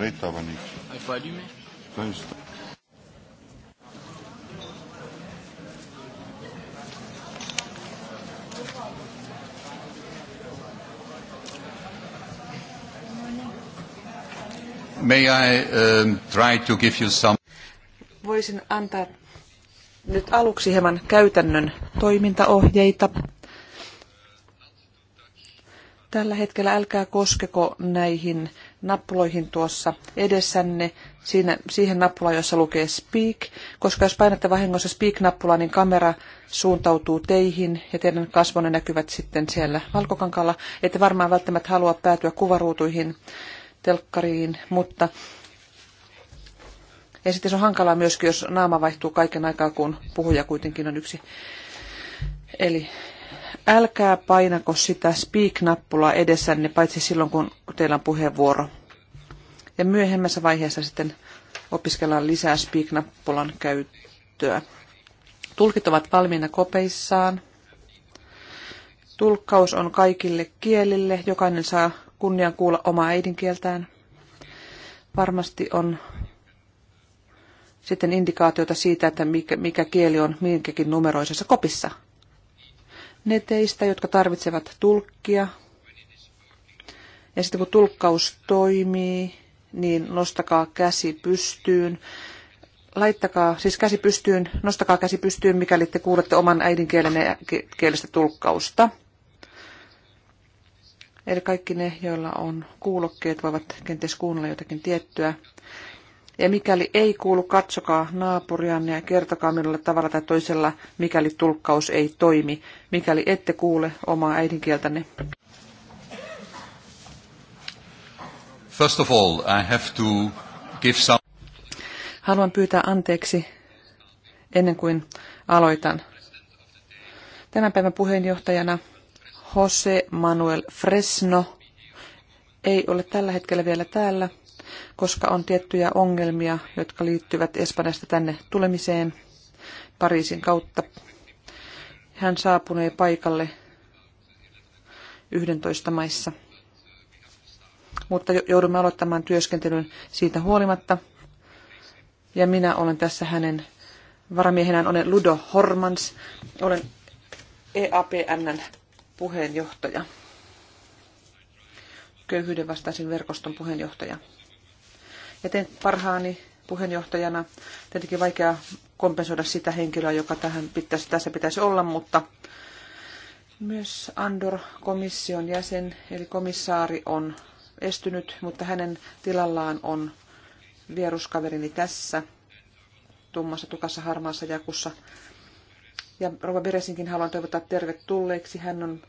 stretta aber nichts. Ah, il faut allumer. May I uh, try to give you some... Voisin antaa nyt aluksi hieman käytännön toimintaohjeita. Tällä hetkellä älkää koskeko näihin nappuloihin tuossa edessänne, siinä, siihen nappulaan, jossa lukee Speak, koska jos painatte vahingossa Speak-nappulaa, niin kamera suuntautuu teihin ja teidän kasvonne näkyvät sitten siellä valkokankalla. Ette varmaan välttämättä halua päätyä kuvaruutuihin, telkkariin, mutta ja sitten se on hankalaa myöskin, jos naama vaihtuu kaiken aikaa, kun puhuja kuitenkin on yksi. Eli älkää painako sitä speak-nappulaa edessänne, paitsi silloin kun teillä on puheenvuoro. Ja myöhemmässä vaiheessa sitten opiskellaan lisää speak-nappulan käyttöä. Tulkit ovat valmiina kopeissaan. Tulkkaus on kaikille kielille. Jokainen saa kunnian kuulla omaa äidinkieltään. Varmasti on sitten indikaatiota siitä, että mikä, mikä kieli on minkäkin numeroisessa kopissa. Ne teistä, jotka tarvitsevat tulkkia, ja sitten kun tulkkaus toimii, niin nostakaa käsi pystyyn. Laittakaa, siis käsi pystyyn, nostakaa käsi pystyyn, mikäli te kuulette oman äidinkielenne kielestä tulkkausta. Eli kaikki ne, joilla on kuulokkeet, voivat kenties kuunnella jotakin tiettyä. Ja mikäli ei kuulu, katsokaa naapuriaan ja kertokaa minulle tavalla tai toisella, mikäli tulkkaus ei toimi, mikäli ette kuule omaa äidinkieltänne. First of all, I have to give some... Haluan pyytää anteeksi ennen kuin aloitan. Tämän päivän puheenjohtajana Jose Manuel Fresno ei ole tällä hetkellä vielä täällä, koska on tiettyjä ongelmia, jotka liittyvät Espanjasta tänne tulemiseen Pariisin kautta. Hän saapunee paikalle 11 maissa mutta joudumme aloittamaan työskentelyn siitä huolimatta. Ja minä olen tässä hänen varamiehenään, olen Ludo Hormans, olen EAPNn puheenjohtaja, köyhyyden vastaisen verkoston puheenjohtaja. Ja teen parhaani puheenjohtajana. Tietenkin vaikea kompensoida sitä henkilöä, joka tähän pitäisi, tässä pitäisi olla, mutta myös Andor komission jäsen, eli komissaari on estynyt, mutta hänen tilallaan on vieruskaverini tässä tummassa tukassa harmaassa jakussa. Ja Rova Beresinkin haluan toivottaa tervetulleeksi. Hän on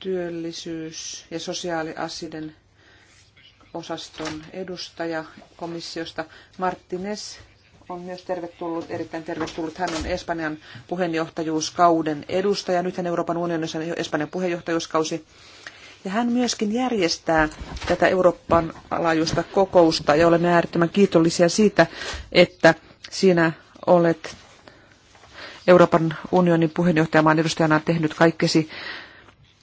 työllisyys- ja sosiaaliasiden osaston edustaja komissiosta. Martinez on myös tervetullut, erittäin tervetullut. Hän on Espanjan puheenjohtajuuskauden edustaja. Nythän Euroopan unionissa on Espanjan puheenjohtajuuskausi. Ja hän myöskin järjestää tätä Euroopan laajuista kokousta ja olemme äärettömän kiitollisia siitä, että sinä olet Euroopan unionin puheenjohtajamaan edustajana tehnyt kaikkesi,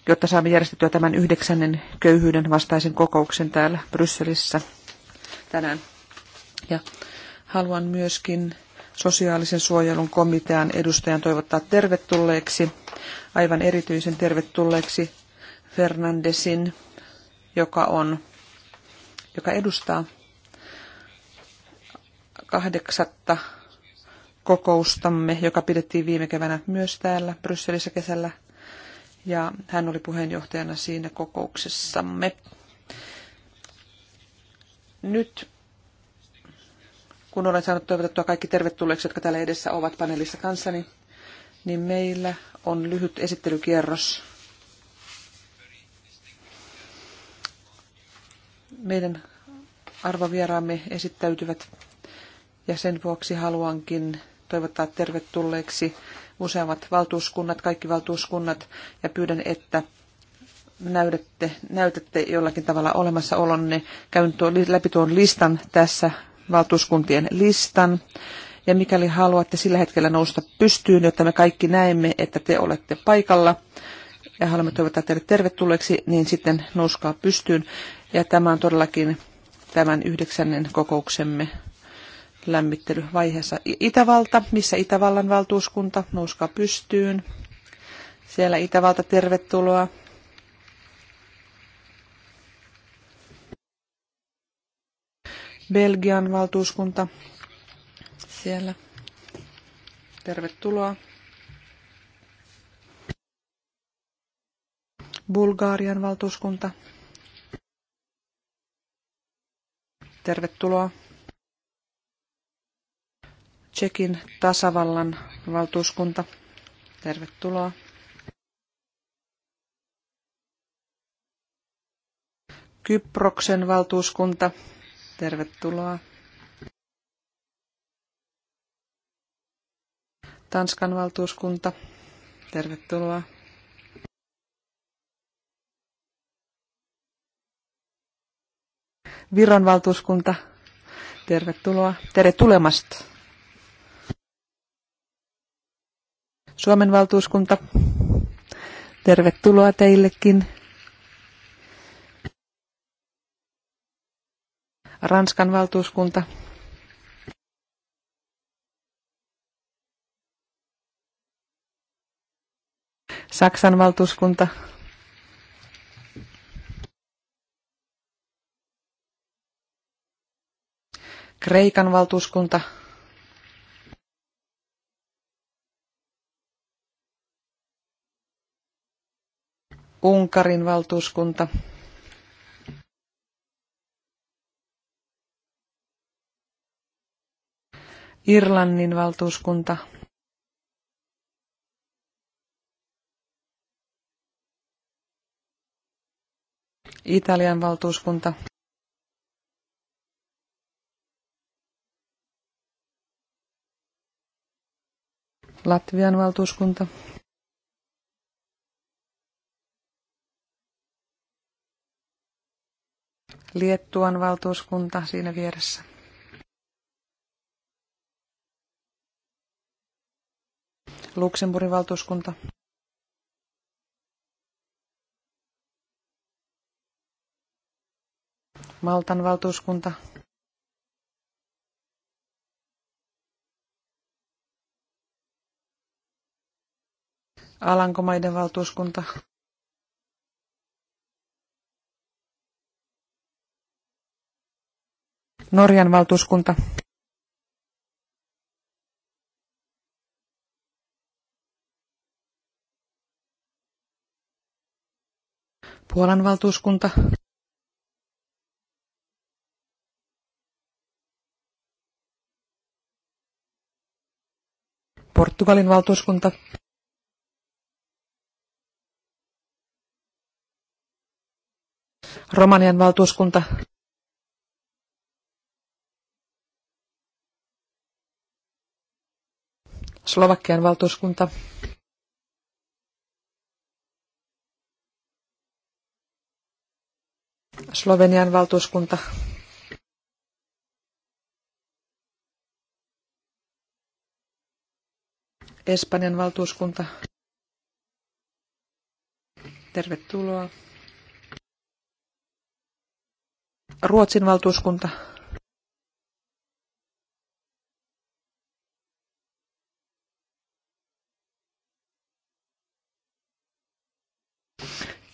jotta saamme järjestettyä tämän yhdeksännen köyhyyden vastaisen kokouksen täällä Brysselissä tänään. Ja haluan myöskin sosiaalisen suojelun komitean edustajan toivottaa tervetulleeksi, aivan erityisen tervetulleeksi Fernandesin, joka, on, joka edustaa kahdeksatta kokoustamme, joka pidettiin viime keväänä myös täällä Brysselissä kesällä. Ja hän oli puheenjohtajana siinä kokouksessamme. Nyt kun olen saanut toivotettua kaikki tervetulleeksi, jotka täällä edessä ovat paneelissa kanssani, niin meillä on lyhyt esittelykierros meidän arvovieraamme esittäytyvät ja sen vuoksi haluankin toivottaa tervetulleeksi useammat valtuuskunnat, kaikki valtuuskunnat ja pyydän, että näytätte, näytätte jollakin tavalla olemassaolonne. Käyn tuo, läpi tuon listan tässä, valtuuskuntien listan. Ja mikäli haluatte sillä hetkellä nousta pystyyn, jotta me kaikki näemme, että te olette paikalla ja haluamme toivottaa teille tervetulleeksi, niin sitten nouskaa pystyyn. Ja tämä on todellakin tämän yhdeksännen kokouksemme lämmittelyvaiheessa. Itävalta, missä Itävallan valtuuskunta, nouskaa pystyyn. Siellä Itävalta, tervetuloa. Belgian valtuuskunta siellä. Tervetuloa. Bulgarian valtuuskunta Tervetuloa. Tsekin tasavallan valtuuskunta. Tervetuloa. Kyproksen valtuuskunta. Tervetuloa. Tanskan valtuuskunta. Tervetuloa. Viron valtuuskunta. Tervetuloa. Tere tulemasta. Suomen valtuuskunta. Tervetuloa teillekin. Ranskan valtuuskunta. Saksan valtuuskunta. Kreikan valtuuskunta Unkarin valtuuskunta. Irlannin valtuuskunta. Italian valtuuskunta. Latvian valtuuskunta. Liettuan valtuuskunta siinä vieressä. Luxemburgin valtuuskunta. Maltan valtuuskunta. Alankomaiden valtuuskunta. Norjan valtuuskunta. Puolan valtuuskunta. Portugalin valtuuskunta. Romanian valtuuskunta. Slovakian valtuuskunta. Slovenian valtuuskunta. Espanjan valtuuskunta. Tervetuloa. Ruotsin valtuuskunta.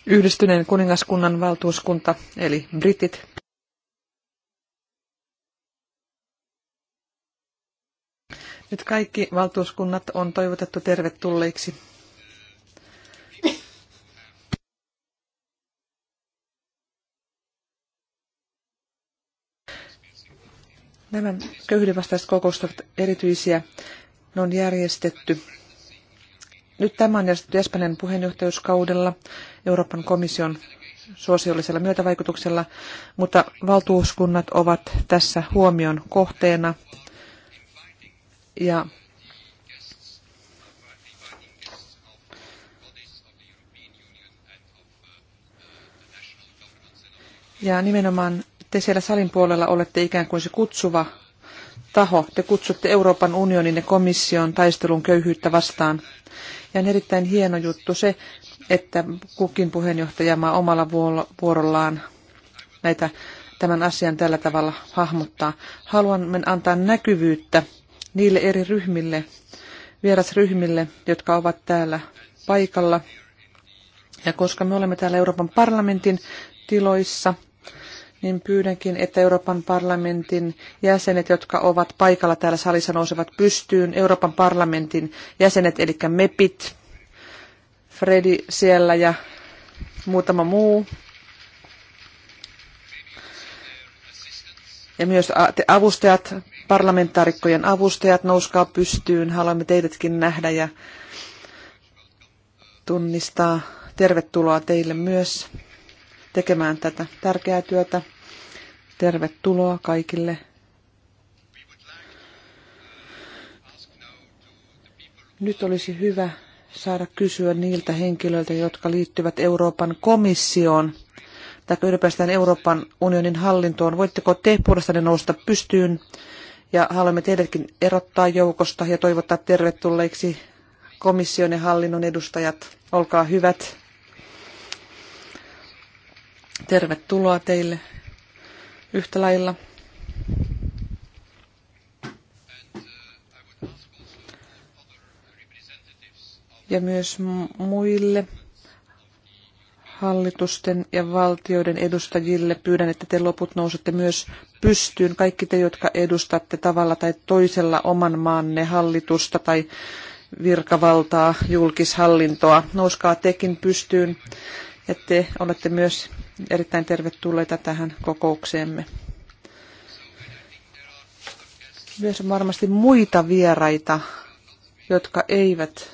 Yhdistyneen kuningaskunnan valtuuskunta, eli britit. Nyt kaikki valtuuskunnat on toivotettu tervetulleiksi. Nämä köyhyyden vastaiset kokoukset ovat erityisiä. Ne on järjestetty. Nyt tämä on järjestetty Espanjan puheenjohtajuuskaudella Euroopan komission suosiollisella myötävaikutuksella, mutta valtuuskunnat ovat tässä huomion kohteena. Ja Ja nimenomaan te siellä salin puolella olette ikään kuin se kutsuva taho. Te kutsutte Euroopan unionin ja komission taistelun köyhyyttä vastaan. Ja on erittäin hieno juttu se, että kukin puheenjohtajamaa omalla vuorollaan näitä tämän asian tällä tavalla hahmottaa. Haluan antaa näkyvyyttä niille eri ryhmille, vierasryhmille, jotka ovat täällä paikalla. Ja koska me olemme täällä Euroopan parlamentin tiloissa, niin pyydänkin, että Euroopan parlamentin jäsenet, jotka ovat paikalla täällä salissa, nousevat pystyyn. Euroopan parlamentin jäsenet, eli MEPit, Fredi siellä ja muutama muu. Ja myös avustajat, parlamentaarikkojen avustajat, nouskaa pystyyn. Haluamme teidätkin nähdä ja tunnistaa. Tervetuloa teille myös tekemään tätä tärkeää työtä. Tervetuloa kaikille. Nyt olisi hyvä saada kysyä niiltä henkilöiltä, jotka liittyvät Euroopan komissioon tai ylipäätään Euroopan unionin hallintoon. Voitteko te puolestanne nousta pystyyn ja haluamme teidätkin erottaa joukosta ja toivottaa tervetulleiksi komission ja hallinnon edustajat. Olkaa hyvät. Tervetuloa teille yhtä lailla. Ja myös muille hallitusten ja valtioiden edustajille pyydän, että te loput nousette myös pystyyn. Kaikki te, jotka edustatte tavalla tai toisella oman maanne hallitusta tai virkavaltaa, julkishallintoa, nouskaa tekin pystyyn. Ja te olette myös erittäin tervetulleita tähän kokoukseemme. Myös on varmasti muita vieraita, jotka eivät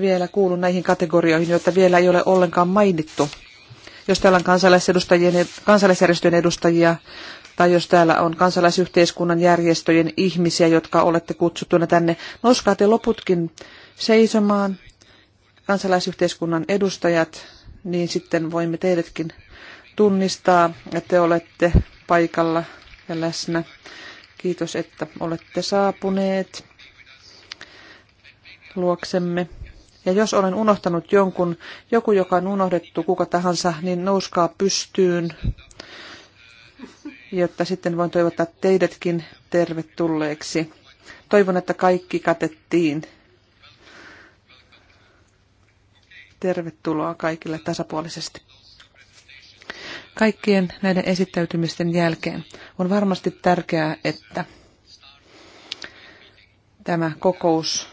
vielä kuulu näihin kategorioihin, joita vielä ei ole ollenkaan mainittu. Jos täällä on kansalaisedustajien, kansalaisjärjestöjen edustajia tai jos täällä on kansalaisyhteiskunnan järjestöjen ihmisiä, jotka olette kutsuttuna tänne, nouskaa te loputkin seisomaan, kansalaisyhteiskunnan edustajat, niin sitten voimme teidätkin tunnistaa, että te olette paikalla ja läsnä. Kiitos, että olette saapuneet luoksemme. Ja jos olen unohtanut jonkun, joku, joka on unohdettu, kuka tahansa, niin nouskaa pystyyn, jotta sitten voin toivottaa teidätkin tervetulleeksi. Toivon, että kaikki katettiin. Tervetuloa kaikille tasapuolisesti. Kaikkien näiden esittäytymisten jälkeen on varmasti tärkeää, että tämä kokous,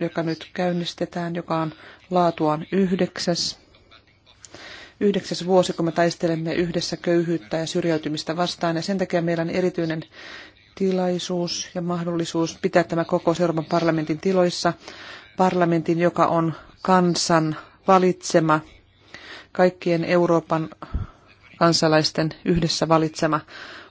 joka nyt käynnistetään, joka on laatuaan yhdeksäs, yhdeksäs vuosi, kun me taistelemme yhdessä köyhyyttä ja syrjäytymistä vastaan. Ja sen takia meillä on erityinen tilaisuus ja mahdollisuus pitää tämä kokous Euroopan parlamentin tiloissa. Parlamentin, joka on kansan valitsema kaikkien Euroopan kansalaisten yhdessä valitsema.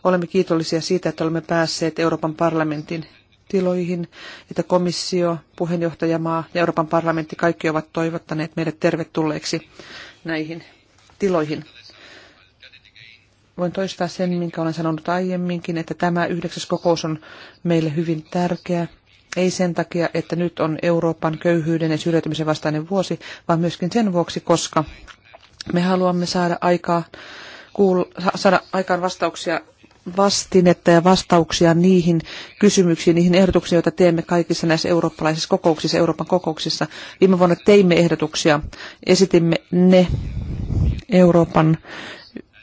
Olemme kiitollisia siitä, että olemme päässeet Euroopan parlamentin tiloihin, että komissio, puheenjohtajamaa ja Euroopan parlamentti kaikki ovat toivottaneet meidät tervetulleeksi näihin tiloihin. Voin toistaa sen, minkä olen sanonut aiemminkin, että tämä yhdeksäs kokous on meille hyvin tärkeä. Ei sen takia, että nyt on Euroopan köyhyyden ja syrjäytymisen vastainen vuosi, vaan myöskin sen vuoksi, koska me haluamme saada, aikaa, kuul- saada aikaan vastauksia vastinetta ja vastauksia niihin kysymyksiin, niihin ehdotuksiin, joita teemme kaikissa näissä eurooppalaisissa kokouksissa, Euroopan kokouksissa. Viime vuonna teimme ehdotuksia, esitimme ne Euroopan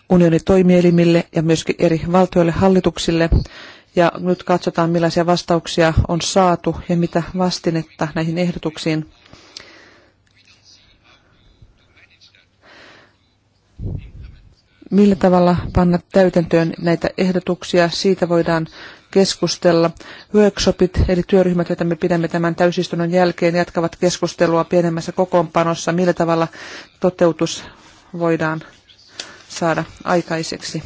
unionin toimielimille ja myöskin eri valtioille hallituksille. Ja nyt katsotaan, millaisia vastauksia on saatu ja mitä vastinetta näihin ehdotuksiin millä tavalla panna täytäntöön näitä ehdotuksia, siitä voidaan keskustella. Workshopit, eli työryhmät, joita me pidämme tämän täysistunnon jälkeen, jatkavat keskustelua pienemmässä kokoonpanossa, millä tavalla toteutus voidaan saada aikaiseksi.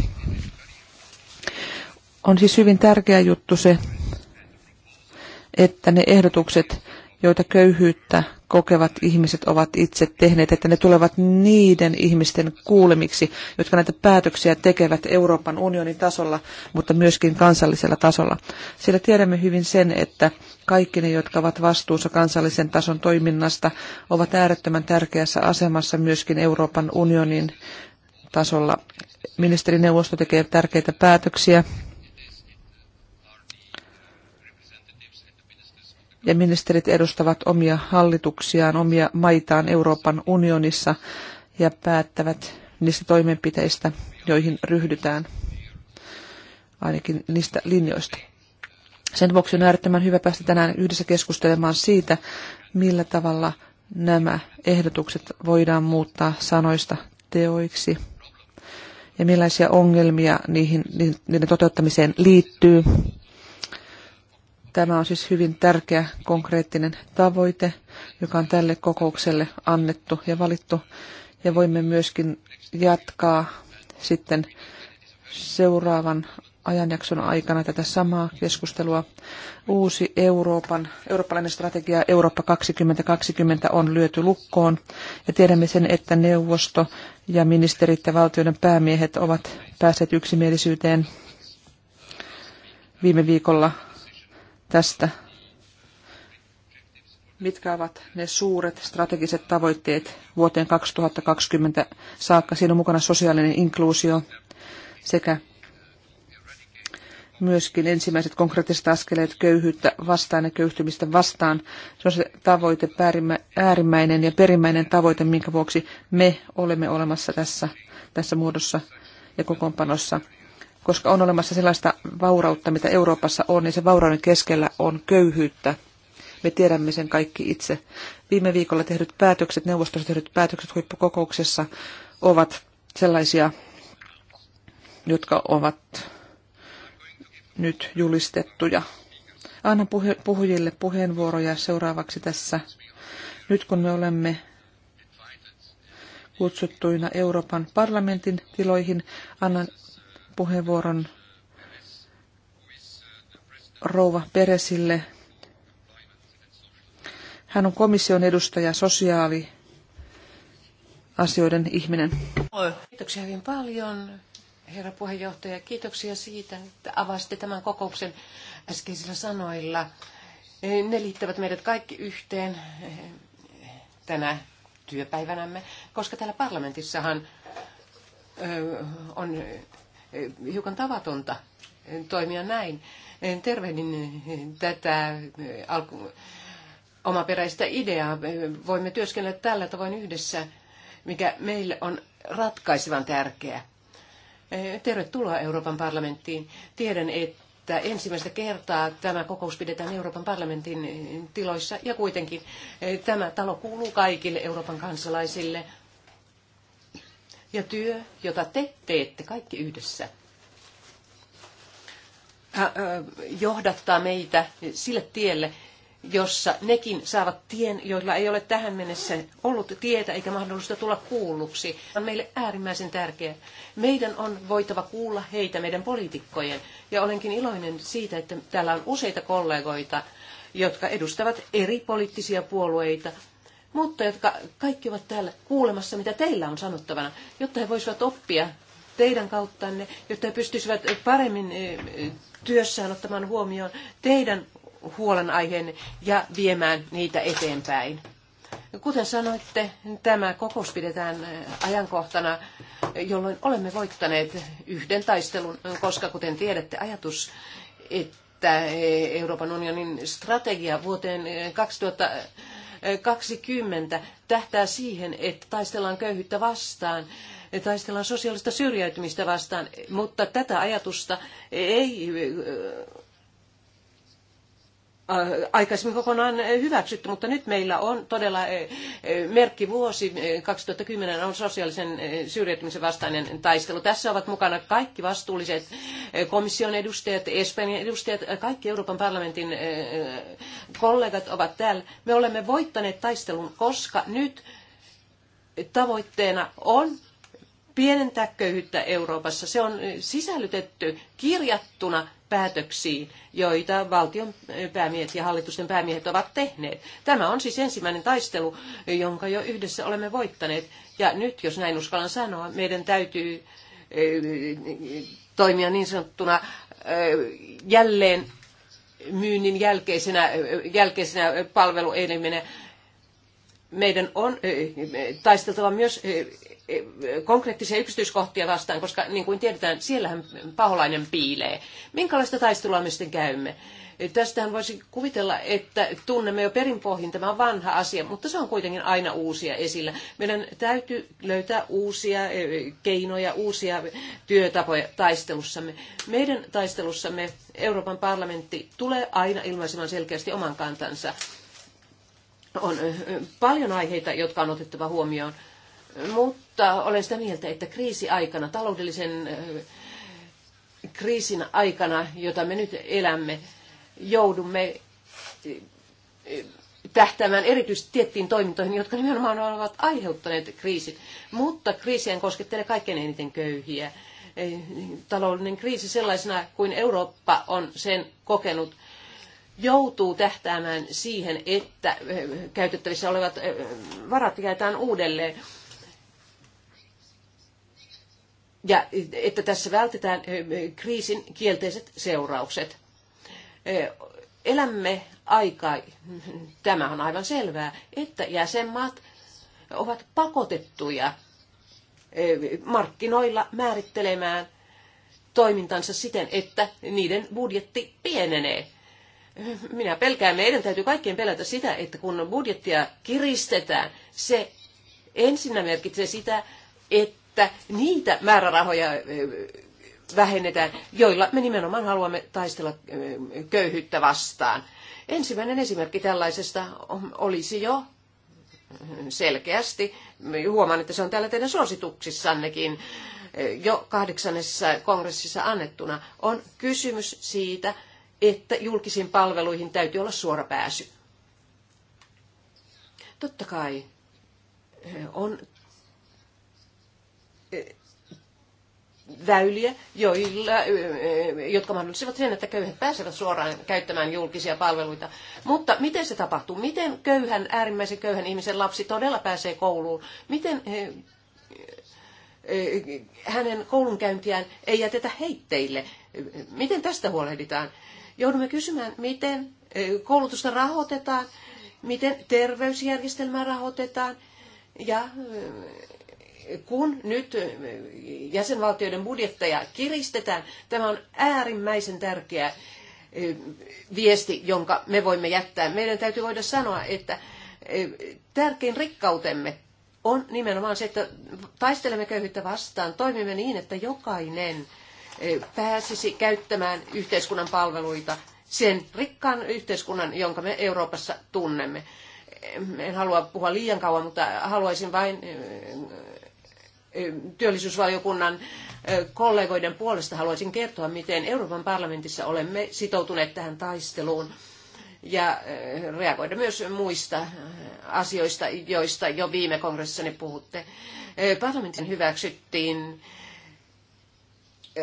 On siis hyvin tärkeä juttu se, että ne ehdotukset, joita köyhyyttä kokevat ihmiset ovat itse tehneet, että ne tulevat niiden ihmisten kuulemiksi, jotka näitä päätöksiä tekevät Euroopan unionin tasolla, mutta myöskin kansallisella tasolla. Sillä tiedämme hyvin sen, että kaikki ne, jotka ovat vastuussa kansallisen tason toiminnasta, ovat äärettömän tärkeässä asemassa myöskin Euroopan unionin tasolla. Ministerineuvosto tekee tärkeitä päätöksiä ja ministerit edustavat omia hallituksiaan, omia maitaan Euroopan unionissa ja päättävät niistä toimenpiteistä, joihin ryhdytään, ainakin niistä linjoista. Sen vuoksi on äärettömän hyvä päästä tänään yhdessä keskustelemaan siitä, millä tavalla nämä ehdotukset voidaan muuttaa sanoista teoiksi ja millaisia ongelmia niihin, niiden toteuttamiseen liittyy Tämä on siis hyvin tärkeä konkreettinen tavoite, joka on tälle kokoukselle annettu ja valittu. Ja voimme myöskin jatkaa sitten seuraavan ajanjakson aikana tätä samaa keskustelua. Uusi Euroopan, eurooppalainen strategia Eurooppa 2020 on lyöty lukkoon ja tiedämme sen, että neuvosto ja ministerit ja valtioiden päämiehet ovat päässeet yksimielisyyteen viime viikolla tästä. Mitkä ovat ne suuret strategiset tavoitteet vuoteen 2020 saakka? Siinä on mukana sosiaalinen inkluusio sekä myöskin ensimmäiset konkreettiset askeleet köyhyyttä vastaan ja köyhtymistä vastaan. Se on se tavoite, äärimmäinen ja perimmäinen tavoite, minkä vuoksi me olemme olemassa tässä, tässä muodossa ja kokoonpanossa koska on olemassa sellaista vaurautta, mitä Euroopassa on, niin se vaurauden keskellä on köyhyyttä. Me tiedämme sen kaikki itse. Viime viikolla tehdyt päätökset, neuvostossa tehdyt päätökset huippukokouksessa ovat sellaisia, jotka ovat nyt julistettuja. Anna puhujille puheenvuoroja seuraavaksi tässä. Nyt kun me olemme kutsuttuina Euroopan parlamentin tiloihin, annan puheenvuoron rouva Peresille. Hän on komission edustaja sosiaali asioiden ihminen. Kiitoksia hyvin paljon, herra puheenjohtaja. Kiitoksia siitä, että avasitte tämän kokouksen äskeisillä sanoilla. Ne liittävät meidät kaikki yhteen eh, tänä työpäivänämme, koska täällä parlamentissahan eh, on Eh, hiukan tavatonta toimia näin. Eh, tervehdin eh, tätä alku, omaperäistä ideaa. Voimme työskennellä tällä tavoin yhdessä, mikä meille on ratkaisevan tärkeää. Tervetuloa Euroopan parlamenttiin. Tiedän, että ensimmäistä kertaa tämä kokous pidetään Euroopan parlamentin tiloissa ja kuitenkin tämä talo kuuluu kaikille Euroopan kansalaisille, ja työ, jota te teette kaikki yhdessä, johdattaa meitä sille tielle, jossa nekin saavat tien, joilla ei ole tähän mennessä ollut tietä eikä mahdollista tulla kuulluksi, on meille äärimmäisen tärkeää. Meidän on voitava kuulla heitä, meidän poliitikkojen. Ja olenkin iloinen siitä, että täällä on useita kollegoita, jotka edustavat eri poliittisia puolueita mutta jotka kaikki ovat täällä kuulemassa, mitä teillä on sanottavana, jotta he voisivat oppia teidän kauttanne, jotta he pystyisivät paremmin eh, työssään ottamaan huomioon teidän huolenaiheenne ja viemään niitä eteenpäin. Kuten sanoitte, tämä kokous pidetään eh, ajankohtana, jolloin olemme voittaneet yhden taistelun, koska kuten tiedätte, ajatus, että eh, Euroopan unionin strategia vuoteen 2000 2020 tähtää siihen, että taistellaan köyhyyttä vastaan, taistellaan sosiaalista syrjäytymistä vastaan, mutta tätä ajatusta ei Äh, aikaisemmin kokonaan äh, hyväksytty, mutta nyt meillä on todella äh, merkkivuosi. 2010 on sosiaalisen syrjäytymisen vastainen taistelu. Tässä ovat mukana kaikki vastuulliset komission edustajat, Espanjan edustajat, kaikki Euroopan parlamentin kollegat ovat täällä. Me olemme voittaneet taistelun, koska nyt tavoitteena on pienentää köyhyyttä Euroopassa. Se on sisällytetty kirjattuna päätöksiin, joita valtion päämiehet ja hallitusten päämiehet ovat tehneet. Tämä on siis ensimmäinen taistelu, jonka jo yhdessä olemme voittaneet. Ja nyt, jos näin uskallan sanoa, meidän täytyy toimia niin sanottuna jälleen myynnin jälkeisenä, jälkeisenä palveluelimenä meidän on taisteltava myös konkreettisia yksityiskohtia vastaan, koska niin kuin tiedetään, siellähän paholainen piilee. Minkälaista taistelua me sitten käymme? Tästähän voisi kuvitella, että tunnemme jo perinpohjin, tämä on vanha asia, mutta se on kuitenkin aina uusia esillä. Meidän täytyy löytää uusia keinoja, uusia työtapoja taistelussamme. Meidän taistelussamme Euroopan parlamentti tulee aina ilmaisemaan selkeästi oman kantansa on paljon aiheita, jotka on otettava huomioon, mutta olen sitä mieltä, että kriisiaikana, taloudellisen kriisin aikana, jota me nyt elämme, joudumme tähtäämään erityisesti tiettyihin toimintoihin, jotka nimenomaan ovat aiheuttaneet kriisit. Mutta kriisien koskettelee kaikkein eniten köyhiä. Taloudellinen kriisi sellaisena kuin Eurooppa on sen kokenut – joutuu tähtäämään siihen, että käytettävissä olevat varat jaetaan uudelleen. Ja että tässä vältetään kriisin kielteiset seuraukset. Elämme aikaa, tämä on aivan selvää, että jäsenmaat ovat pakotettuja markkinoilla määrittelemään toimintansa siten, että niiden budjetti pienenee minä pelkään, meidän täytyy kaikkien pelätä sitä, että kun budjettia kiristetään, se ensinnä merkitsee sitä, että niitä määrärahoja vähennetään, joilla me nimenomaan haluamme taistella köyhyyttä vastaan. Ensimmäinen esimerkki tällaisesta olisi jo selkeästi. Huomaan, että se on täällä teidän suosituksissannekin jo kahdeksannessa kongressissa annettuna. On kysymys siitä, että julkisiin palveluihin täytyy olla suora pääsy. Totta kai on väyliä, joilla, jotka mahdollisivat sen, että köyhät pääsevät suoraan käyttämään julkisia palveluita. Mutta miten se tapahtuu? Miten köyhän, äärimmäisen köyhän ihmisen lapsi todella pääsee kouluun? Miten hänen koulunkäyntiään ei jätetä heitteille? Miten tästä huolehditaan? Joudumme kysymään, miten koulutusta rahoitetaan, miten terveysjärjestelmää rahoitetaan ja kun nyt jäsenvaltioiden budjetteja kiristetään, tämä on äärimmäisen tärkeä viesti, jonka me voimme jättää. Meidän täytyy voida sanoa, että tärkein rikkautemme on nimenomaan se, että taistelemme köyhyyttä vastaan, toimimme niin, että jokainen Eh, pääsisi käyttämään yhteiskunnan palveluita sen rikkaan yhteiskunnan, jonka me Euroopassa tunnemme. Eh, en halua puhua liian kauan, mutta haluaisin vain eh, työllisyysvaliokunnan kollegoiden puolesta haluaisin kertoa, miten Euroopan parlamentissa olemme sitoutuneet tähän taisteluun ja reagoida myös muista asioista, joista jo viime kongressissa puhutte. Parlamentin hyväksyttiin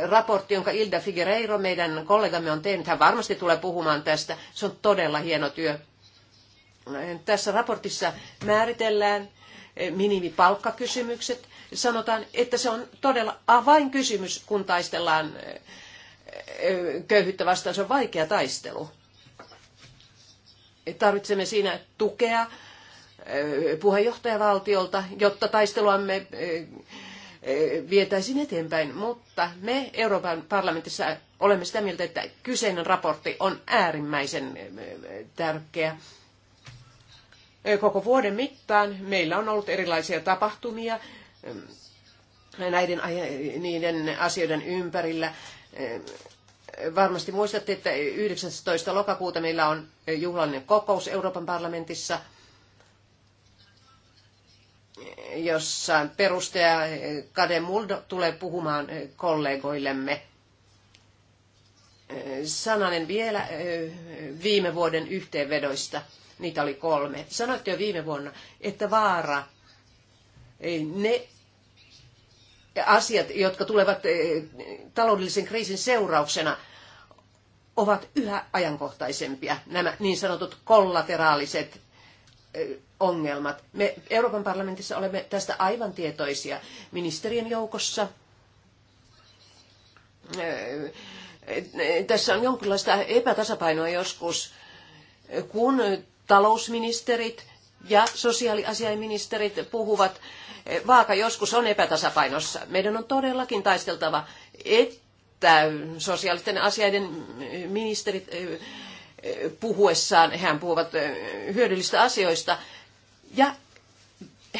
raportti, jonka Ilda Figueiredo, meidän kollegamme, on tehnyt. Hän varmasti tulee puhumaan tästä. Se on todella hieno työ. Tässä raportissa määritellään eh, minimipalkkakysymykset. Sanotaan, että se on todella avainkysymys, kun taistellaan eh, eh, köyhyyttä vastaan. Se on vaikea taistelu. Tarvitsemme siinä tukea puheenjohtajavaltiolta, jotta taisteluamme Eh, vietäisiin eteenpäin, mutta me Euroopan parlamentissa olemme sitä mieltä, että kyseinen raportti on äärimmäisen eh, tärkeä. Eh, koko vuoden mittaan meillä on ollut erilaisia tapahtumia näiden niiden asioiden ympärillä. Varmasti muistatte, että 19. lokakuuta meillä on juhlallinen kokous Euroopan parlamentissa – jossa perustaja Kade Muldo tulee puhumaan kollegoillemme. Sananen vielä eh, viime vuoden yhteenvedoista. Niitä oli kolme. Sanoitte jo viime vuonna, että vaara, eh, ne asiat, jotka tulevat eh, taloudellisen kriisin seurauksena, ovat yhä ajankohtaisempia, nämä niin sanotut kollateraaliset ongelmat. Me Euroopan parlamentissa olemme tästä aivan tietoisia ministerien joukossa. Tässä on jonkinlaista epätasapainoa joskus, kun talousministerit ja sosiaaliasiainministerit puhuvat, vaaka joskus on epätasapainossa. Meidän on todellakin taisteltava, että sosiaalisten asioiden ministerit puhuessaan, hehän puhuvat hyödyllistä asioista, ja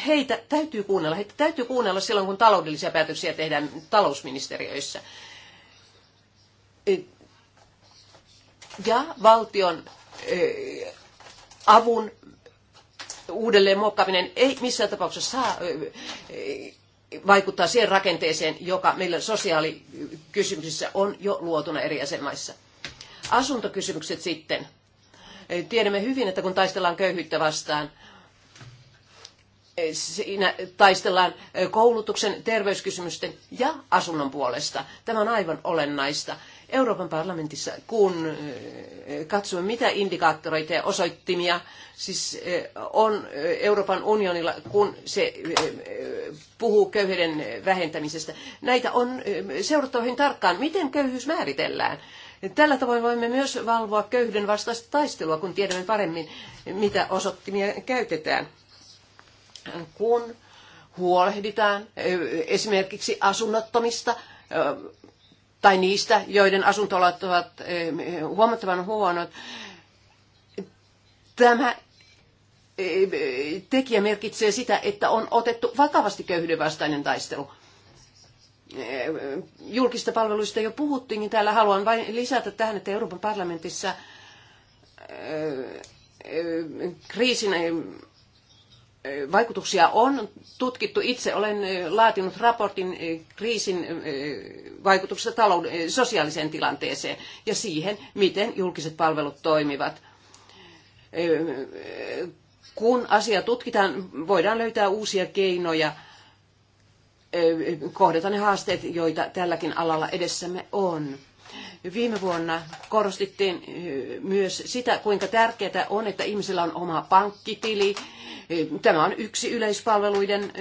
heitä täytyy kuunnella. Heitä täytyy kuunnella silloin, kun taloudellisia päätöksiä tehdään talousministeriöissä. Ja valtion avun uudelleen muokkaaminen ei missään tapauksessa saa vaikuttaa siihen rakenteeseen, joka meillä sosiaalikysymyksissä on jo luotuna eri jäsenmaissa. Asuntokysymykset sitten. Tiedämme hyvin, että kun taistellaan köyhyyttä vastaan – siinä taistellaan koulutuksen, terveyskysymysten ja asunnon puolesta. Tämä on aivan olennaista. Euroopan parlamentissa, kun katsomme mitä indikaattoreita ja osoittimia siis on Euroopan unionilla, kun se puhuu köyhyyden vähentämisestä, näitä on seurattava hyvin tarkkaan, miten köyhyys määritellään. Tällä tavoin voimme myös valvoa köyhyyden vastaista taistelua, kun tiedämme paremmin, mitä osoittimia käytetään kun huolehditaan esimerkiksi asunnottomista tai niistä, joiden asuntolat ovat huomattavan huonot. Tämä tekijä merkitsee sitä, että on otettu vakavasti köyhyyden vastainen taistelu. Julkista palveluista jo puhuttiin, niin täällä haluan vain lisätä tähän, että Euroopan parlamentissa kriisin vaikutuksia on tutkittu. Itse olen laatinut raportin kriisin vaikutuksesta talouden, sosiaaliseen tilanteeseen ja siihen, miten julkiset palvelut toimivat. Kun asia tutkitaan, voidaan löytää uusia keinoja kohdata ne haasteet, joita tälläkin alalla edessämme on. Viime vuonna korostettiin myös sitä, kuinka tärkeää on, että ihmisillä on oma pankkitili Tämä on yksi yleispalveluiden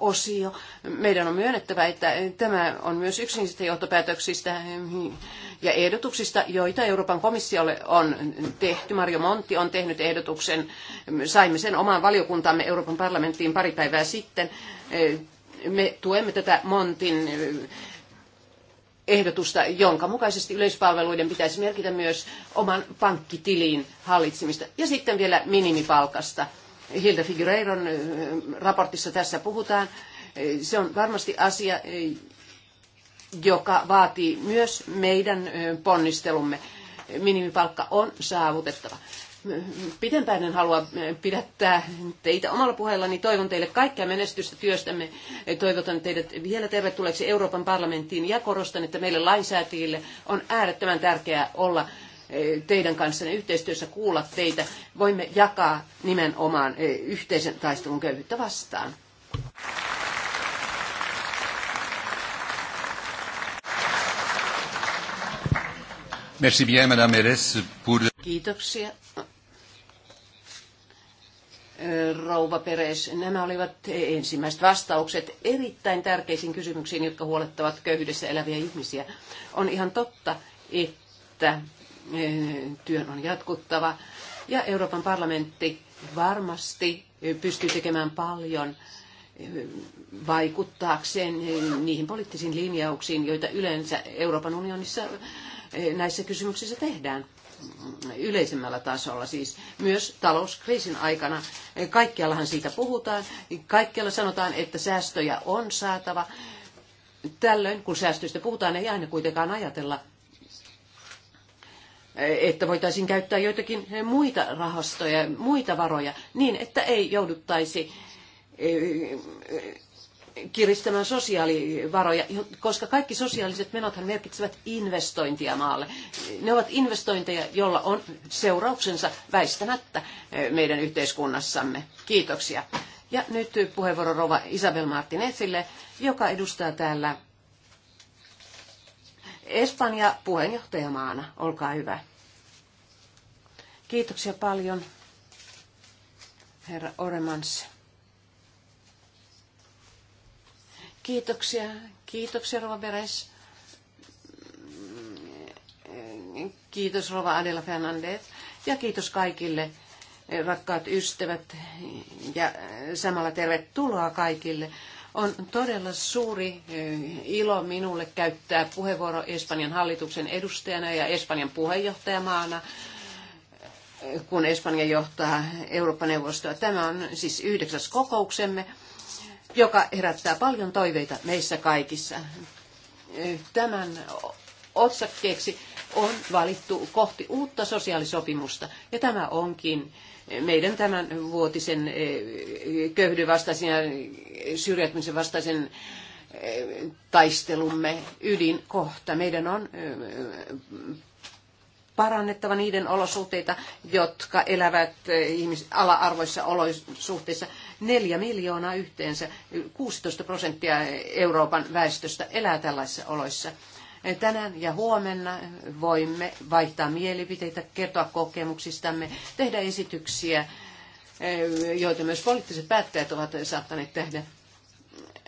osio. Meidän on myönnettävä, että tämä on myös yksi niistä johtopäätöksistä ja ehdotuksista, joita Euroopan komissiolle on tehty. Mario Monti on tehnyt ehdotuksen. Saimme sen omaan valiokuntamme Euroopan parlamenttiin pari päivää sitten. Me tuemme tätä Montin ehdotusta, jonka mukaisesti yleispalveluiden pitäisi merkitä myös oman pankkitiliin hallitsemista ja sitten vielä minimipalkasta. Hilda Figureiron raportissa tässä puhutaan. Se on varmasti asia, joka vaatii myös meidän ponnistelumme. Minimipalkka on saavutettava. Pidempään en halua pidättää teitä omalla puheellani. Toivon teille kaikkea menestystä työstämme. Toivotan teidät vielä tervetulleeksi Euroopan parlamenttiin ja korostan, että meille lainsäätiille on äärettömän tärkeää olla teidän kanssanne yhteistyössä kuulla teitä. Voimme jakaa nimenomaan yhteisen taistelun köyhyyttä vastaan. Merci bien, Madame Eres, pour... Kiitoksia. Rouva Peres, nämä olivat ensimmäiset vastaukset erittäin tärkeisiin kysymyksiin, jotka huolettavat köyhyydessä eläviä ihmisiä. On ihan totta, että Eh, työn on jatkuttava. Ja Euroopan parlamentti varmasti eh, pystyy tekemään paljon eh, vaikuttaakseen niihin poliittisiin linjauksiin, joita yleensä Euroopan unionissa näissä kysymyksissä tehdään yleisemmällä tasolla, siis myös talouskriisin aikana. Kaikkiallahan siitä puhutaan, kaikkialla sanotaan, että säästöjä on saatava. Tällöin, kun säästöistä puhutaan, ei aina kuitenkaan ajatella että voitaisiin käyttää joitakin muita rahastoja, muita varoja, niin että ei jouduttaisi eh, kiristämään sosiaalivaroja, koska kaikki sosiaaliset menothan merkitsevät investointia maalle. Ne ovat investointeja, joilla on seurauksensa väistämättä eh, meidän yhteiskunnassamme. Kiitoksia. Ja nyt puheenvuoro Rova Isabel Martinezille, joka edustaa täällä Espanja puheenjohtajamaana, olkaa hyvä. Kiitoksia paljon, herra Oremans. Kiitoksia, kiitoksia Rova Beres. Kiitos Rova Adela Fernandez ja kiitos kaikille rakkaat ystävät ja samalla tervetuloa kaikille on todella suuri eh, ilo minulle käyttää puheenvuoro Espanjan hallituksen edustajana ja Espanjan puheenjohtajamaana eh, kun Espanja johtaa Eurooppa-neuvostoa. Tämä on siis yhdeksäs kokouksemme, joka herättää paljon toiveita meissä kaikissa. Eh, tämän otsakkeeksi on valittu kohti uutta sosiaalisopimusta. Ja tämä onkin meidän tämän vuotisen eh, vastaisen ja syrjäytymisen vastaisen eh, taistelumme ydinkohta. Meidän on eh, parannettava niiden olosuhteita, jotka elävät ihmis- ala-arvoissa olosuhteissa. Neljä miljoonaa yhteensä, 16 prosenttia Euroopan väestöstä elää tällaisissa oloissa. Tänään ja huomenna voimme vaihtaa mielipiteitä, kertoa kokemuksistamme, tehdä esityksiä, eh, joita myös poliittiset päättäjät ovat saattaneet tehdä.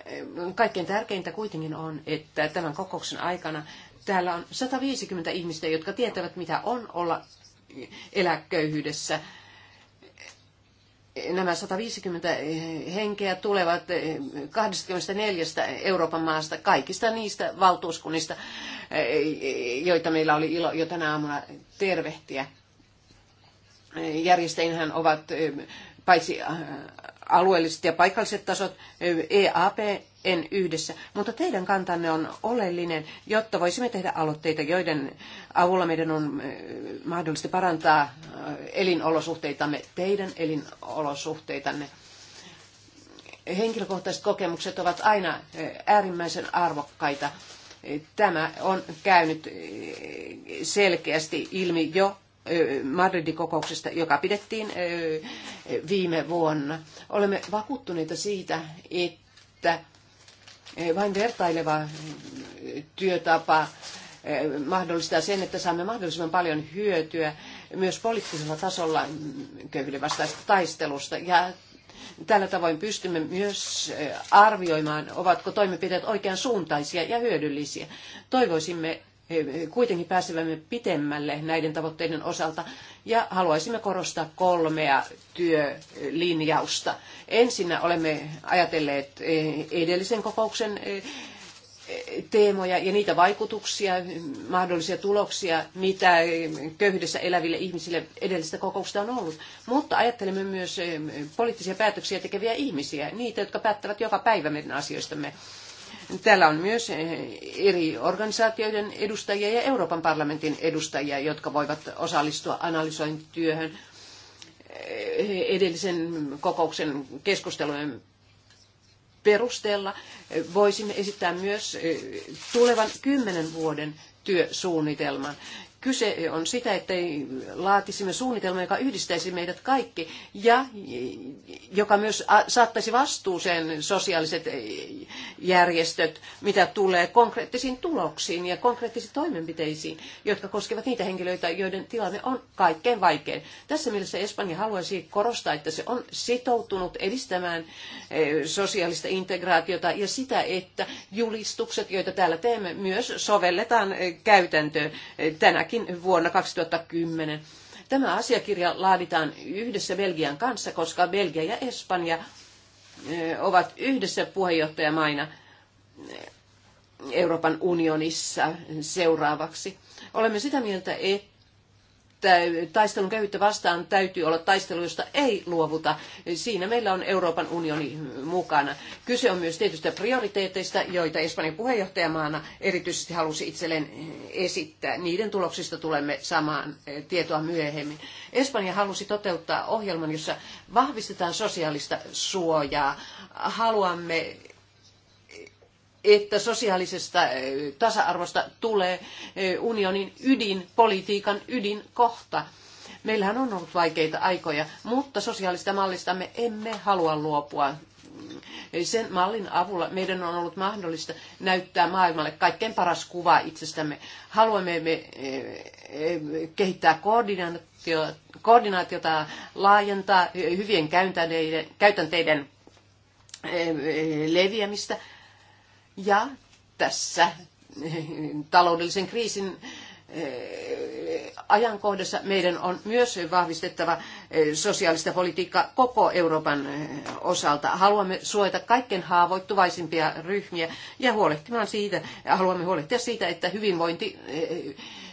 Eh, kaikkein tärkeintä kuitenkin on, että tämän kokouksen aikana täällä on 150 ihmistä, jotka tietävät, mitä on olla eläköyhyydessä. köyhyydessä – nämä 150 henkeä tulevat 24 Euroopan maasta, kaikista niistä valtuuskunnista, joita meillä oli ilo jo tänä aamuna tervehtiä. Järjestäjinhän ovat paitsi alueelliset ja paikalliset tasot, EAP en yhdessä, mutta teidän kantanne on oleellinen, jotta voisimme tehdä aloitteita, joiden avulla meidän on eh, mahdollista parantaa eh, elinolosuhteitamme, teidän elinolosuhteitanne. Henkilökohtaiset kokemukset ovat aina eh, äärimmäisen arvokkaita. Tämä on käynyt selkeästi ilmi jo Madridin kokouksesta, joka pidettiin viime vuonna. Olemme vakuuttuneita siitä, että että Eh, vain vertaileva eh, työtapa eh, mahdollistaa sen, että saamme mahdollisimman paljon hyötyä myös poliittisella tasolla mm, köyhyyden vastaista taistelusta. Ja tällä tavoin pystymme myös arvioimaan, ovatko toimenpiteet oikean suuntaisia ja hyödyllisiä. Toivoisimme, kuitenkin pääsevämme pitemmälle näiden tavoitteiden osalta ja haluaisimme korostaa kolmea työlinjausta. Ensinnä olemme ajatelleet e, edellisen kokouksen e, teemoja ja niitä vaikutuksia, mahdollisia tuloksia, mitä köyhyydessä eläville ihmisille edellisestä kokouksesta on ollut. Mutta ajattelemme myös e, poliittisia päätöksiä tekeviä ihmisiä, niitä, jotka päättävät joka päivä meidän asioistamme. Täällä on myös eh, eri organisaatioiden edustajia ja Euroopan parlamentin edustajia, jotka voivat osallistua analysointityöhön eh, edellisen kokouksen keskustelujen perusteella. Eh, voisimme esittää myös tulevan kymmenen vuoden työsuunnitelman, Kyse on sitä, että laatisimme suunnitelman, joka yhdistäisi meidät kaikki ja joka myös saattaisi vastuuseen sosiaaliset järjestöt, mitä tulee konkreettisiin tuloksiin ja konkreettisiin toimenpiteisiin, jotka koskevat niitä henkilöitä, joiden tilanne on kaikkein vaikein. Tässä mielessä Espanja haluaisi korostaa, että se on sitoutunut edistämään e, sosiaalista integraatiota ja sitä, että julistukset, joita täällä teemme, myös sovelletaan e, käytäntöön e, tänä vieläkin vuonna 2010. Tämä asiakirja laaditaan yhdessä Belgian kanssa, koska Belgia ja Espanja ovat yhdessä puheenjohtajamaina Euroopan unionissa seuraavaksi. Olemme sitä mieltä, että taistelun köyhyyttä vastaan täytyy olla taistelu, josta ei luovuta. Siinä meillä on Euroopan unioni mukana. Kyse on myös tietystä prioriteeteista, joita Espanjan puheenjohtajamaana erityisesti halusi itselleen esittää. Niiden tuloksista tulemme samaan eh, tietoa myöhemmin. Espanja halusi toteuttaa ohjelman, jossa vahvistetaan sosiaalista suojaa. Haluamme että sosiaalisesta eh, tasa-arvosta tulee eh, unionin ydinpolitiikan ydinkohta. Meillähän on ollut vaikeita aikoja, mutta sosiaalista mallistamme emme halua luopua. Sen mallin avulla meidän on ollut mahdollista näyttää maailmalle kaikkein paras kuva itsestämme. Haluamme me, eh, kehittää koordinaatio, koordinaatiota, laajentaa hyvien käytänteiden leviämistä, ja tässä eh, taloudellisen kriisin eh, ajankohdassa meidän on myös vahvistettava eh, sosiaalista politiikkaa koko Euroopan osalta. Haluamme suojata kaikkein haavoittuvaisimpia ryhmiä ja huolehtimaan siitä, haluamme huolehtia siitä, että hyvinvointi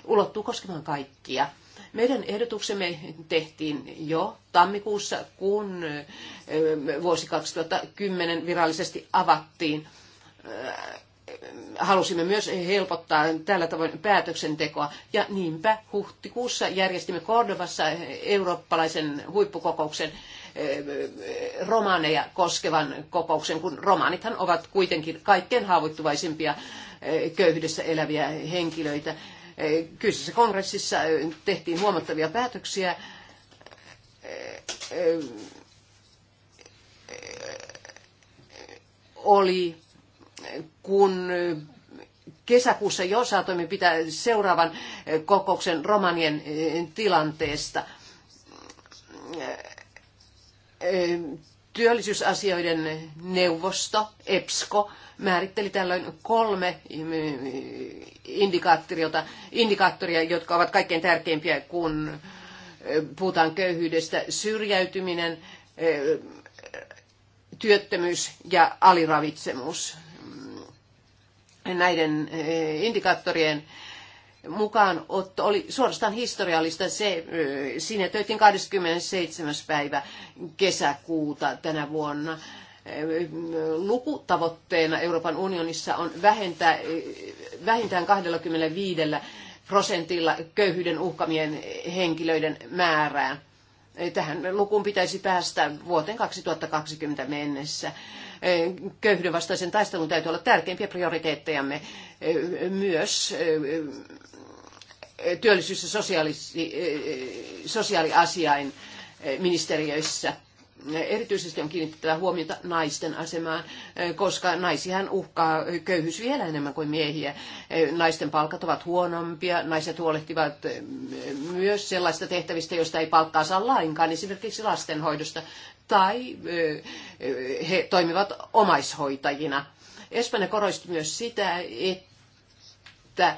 ulottuu koskemaan kaikkia. Meidän ehdotuksemme tehtiin jo tammikuussa, kun vuosi 2010 virallisesti avattiin Äh, halusimme myös helpottaa tällä tavoin päätöksentekoa. Ja niinpä huhtikuussa järjestimme Kordovassa eurooppalaisen huippukokouksen äh, romaneja koskevan kokouksen, kun romanithan ovat kuitenkin kaikkein haavoittuvaisimpia äh, köyhyydessä eläviä henkilöitä. Kyseisessä kongressissa tehtiin huomattavia päätöksiä oli kun kesäkuussa jo saatoimme pitää seuraavan kokouksen romanien eh, tilanteesta työllisyysasioiden neuvosto, EPSCO, määritteli tällöin kolme eh, indikaattoria, jotka ovat kaikkein tärkeimpiä, kun eh, puhutaan köyhyydestä. Syrjäytyminen, työttömyys ja aliravitsemus näiden eh, indikaattorien otto oli suorastaan historiallista. Se eh, sinetöitiin 27. päivä kesäkuuta tänä vuonna. Eh, lukutavoitteena Euroopan unionissa on vähentää, vähintään 25 prosentilla köyhyyden uhkamien henkilöiden määrää. Tähän lukuun pitäisi päästä vuoteen 2020 mennessä köyhyyden vastaisen taistelun täytyy olla tärkeimpiä prioriteettejamme myös työllisyys- ja sosiaali, sosiaaliasiain ministeriöissä. Erityisesti on kiinnitettävä huomiota naisten asemaan, eh, koska naisihan uhkaa köyhyys vielä enemmän kuin miehiä. Eh, naisten palkat ovat huonompia, naiset huolehtivat eh, myös sellaista tehtävistä, joista ei palkkaa saa lainkaan, esimerkiksi lastenhoidosta, tai he toimivat omaishoitajina. Espanja korosti myös sitä, että että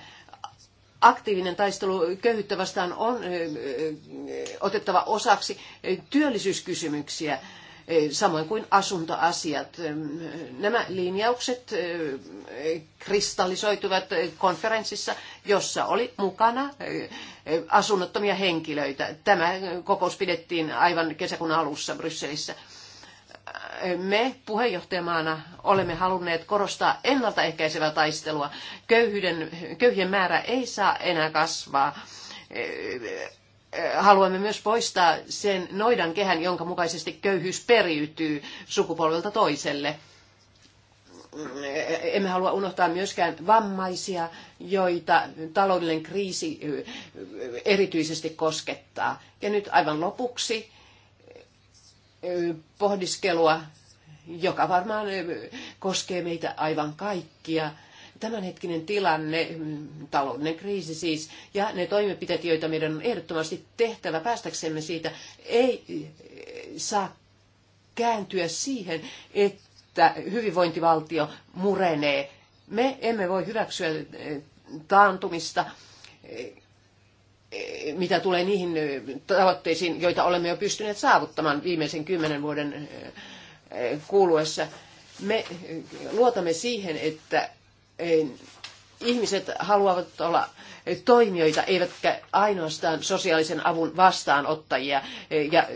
aktiivinen taistelu köyhyyttä vastaan on otettava osaksi työllisyyskysymyksiä, samoin kuin asuntoasiat. Nämä linjaukset kristallisoituvat konferenssissa, jossa oli mukana asunnottomia henkilöitä. Tämä kokous pidettiin aivan kesäkuun alussa Brysselissä me puheenjohtajamaana olemme halunneet korostaa ennaltaehkäisevää taistelua. Köyhyyden, köyhien määrä ei saa enää kasvaa. Haluamme myös poistaa sen noidan kehän, jonka mukaisesti köyhyys periytyy sukupolvelta toiselle. Emme halua unohtaa myöskään vammaisia, joita taloudellinen kriisi erityisesti koskettaa. Ja nyt aivan lopuksi pohdiskelua, joka varmaan koskee meitä aivan kaikkia. Tämänhetkinen tilanne, mm, taloudellinen kriisi siis, ja ne toimenpiteet, joita meidän on ehdottomasti tehtävä päästäksemme siitä, ei saa kääntyä siihen, että hyvinvointivaltio murenee. Me emme voi hyväksyä taantumista mitä tulee niihin tavoitteisiin, joita olemme jo pystyneet saavuttamaan viimeisen kymmenen vuoden kuuluessa. Me luotamme siihen, että ihmiset haluavat olla toimijoita, eivätkä ainoastaan sosiaalisen avun vastaanottajia. Ja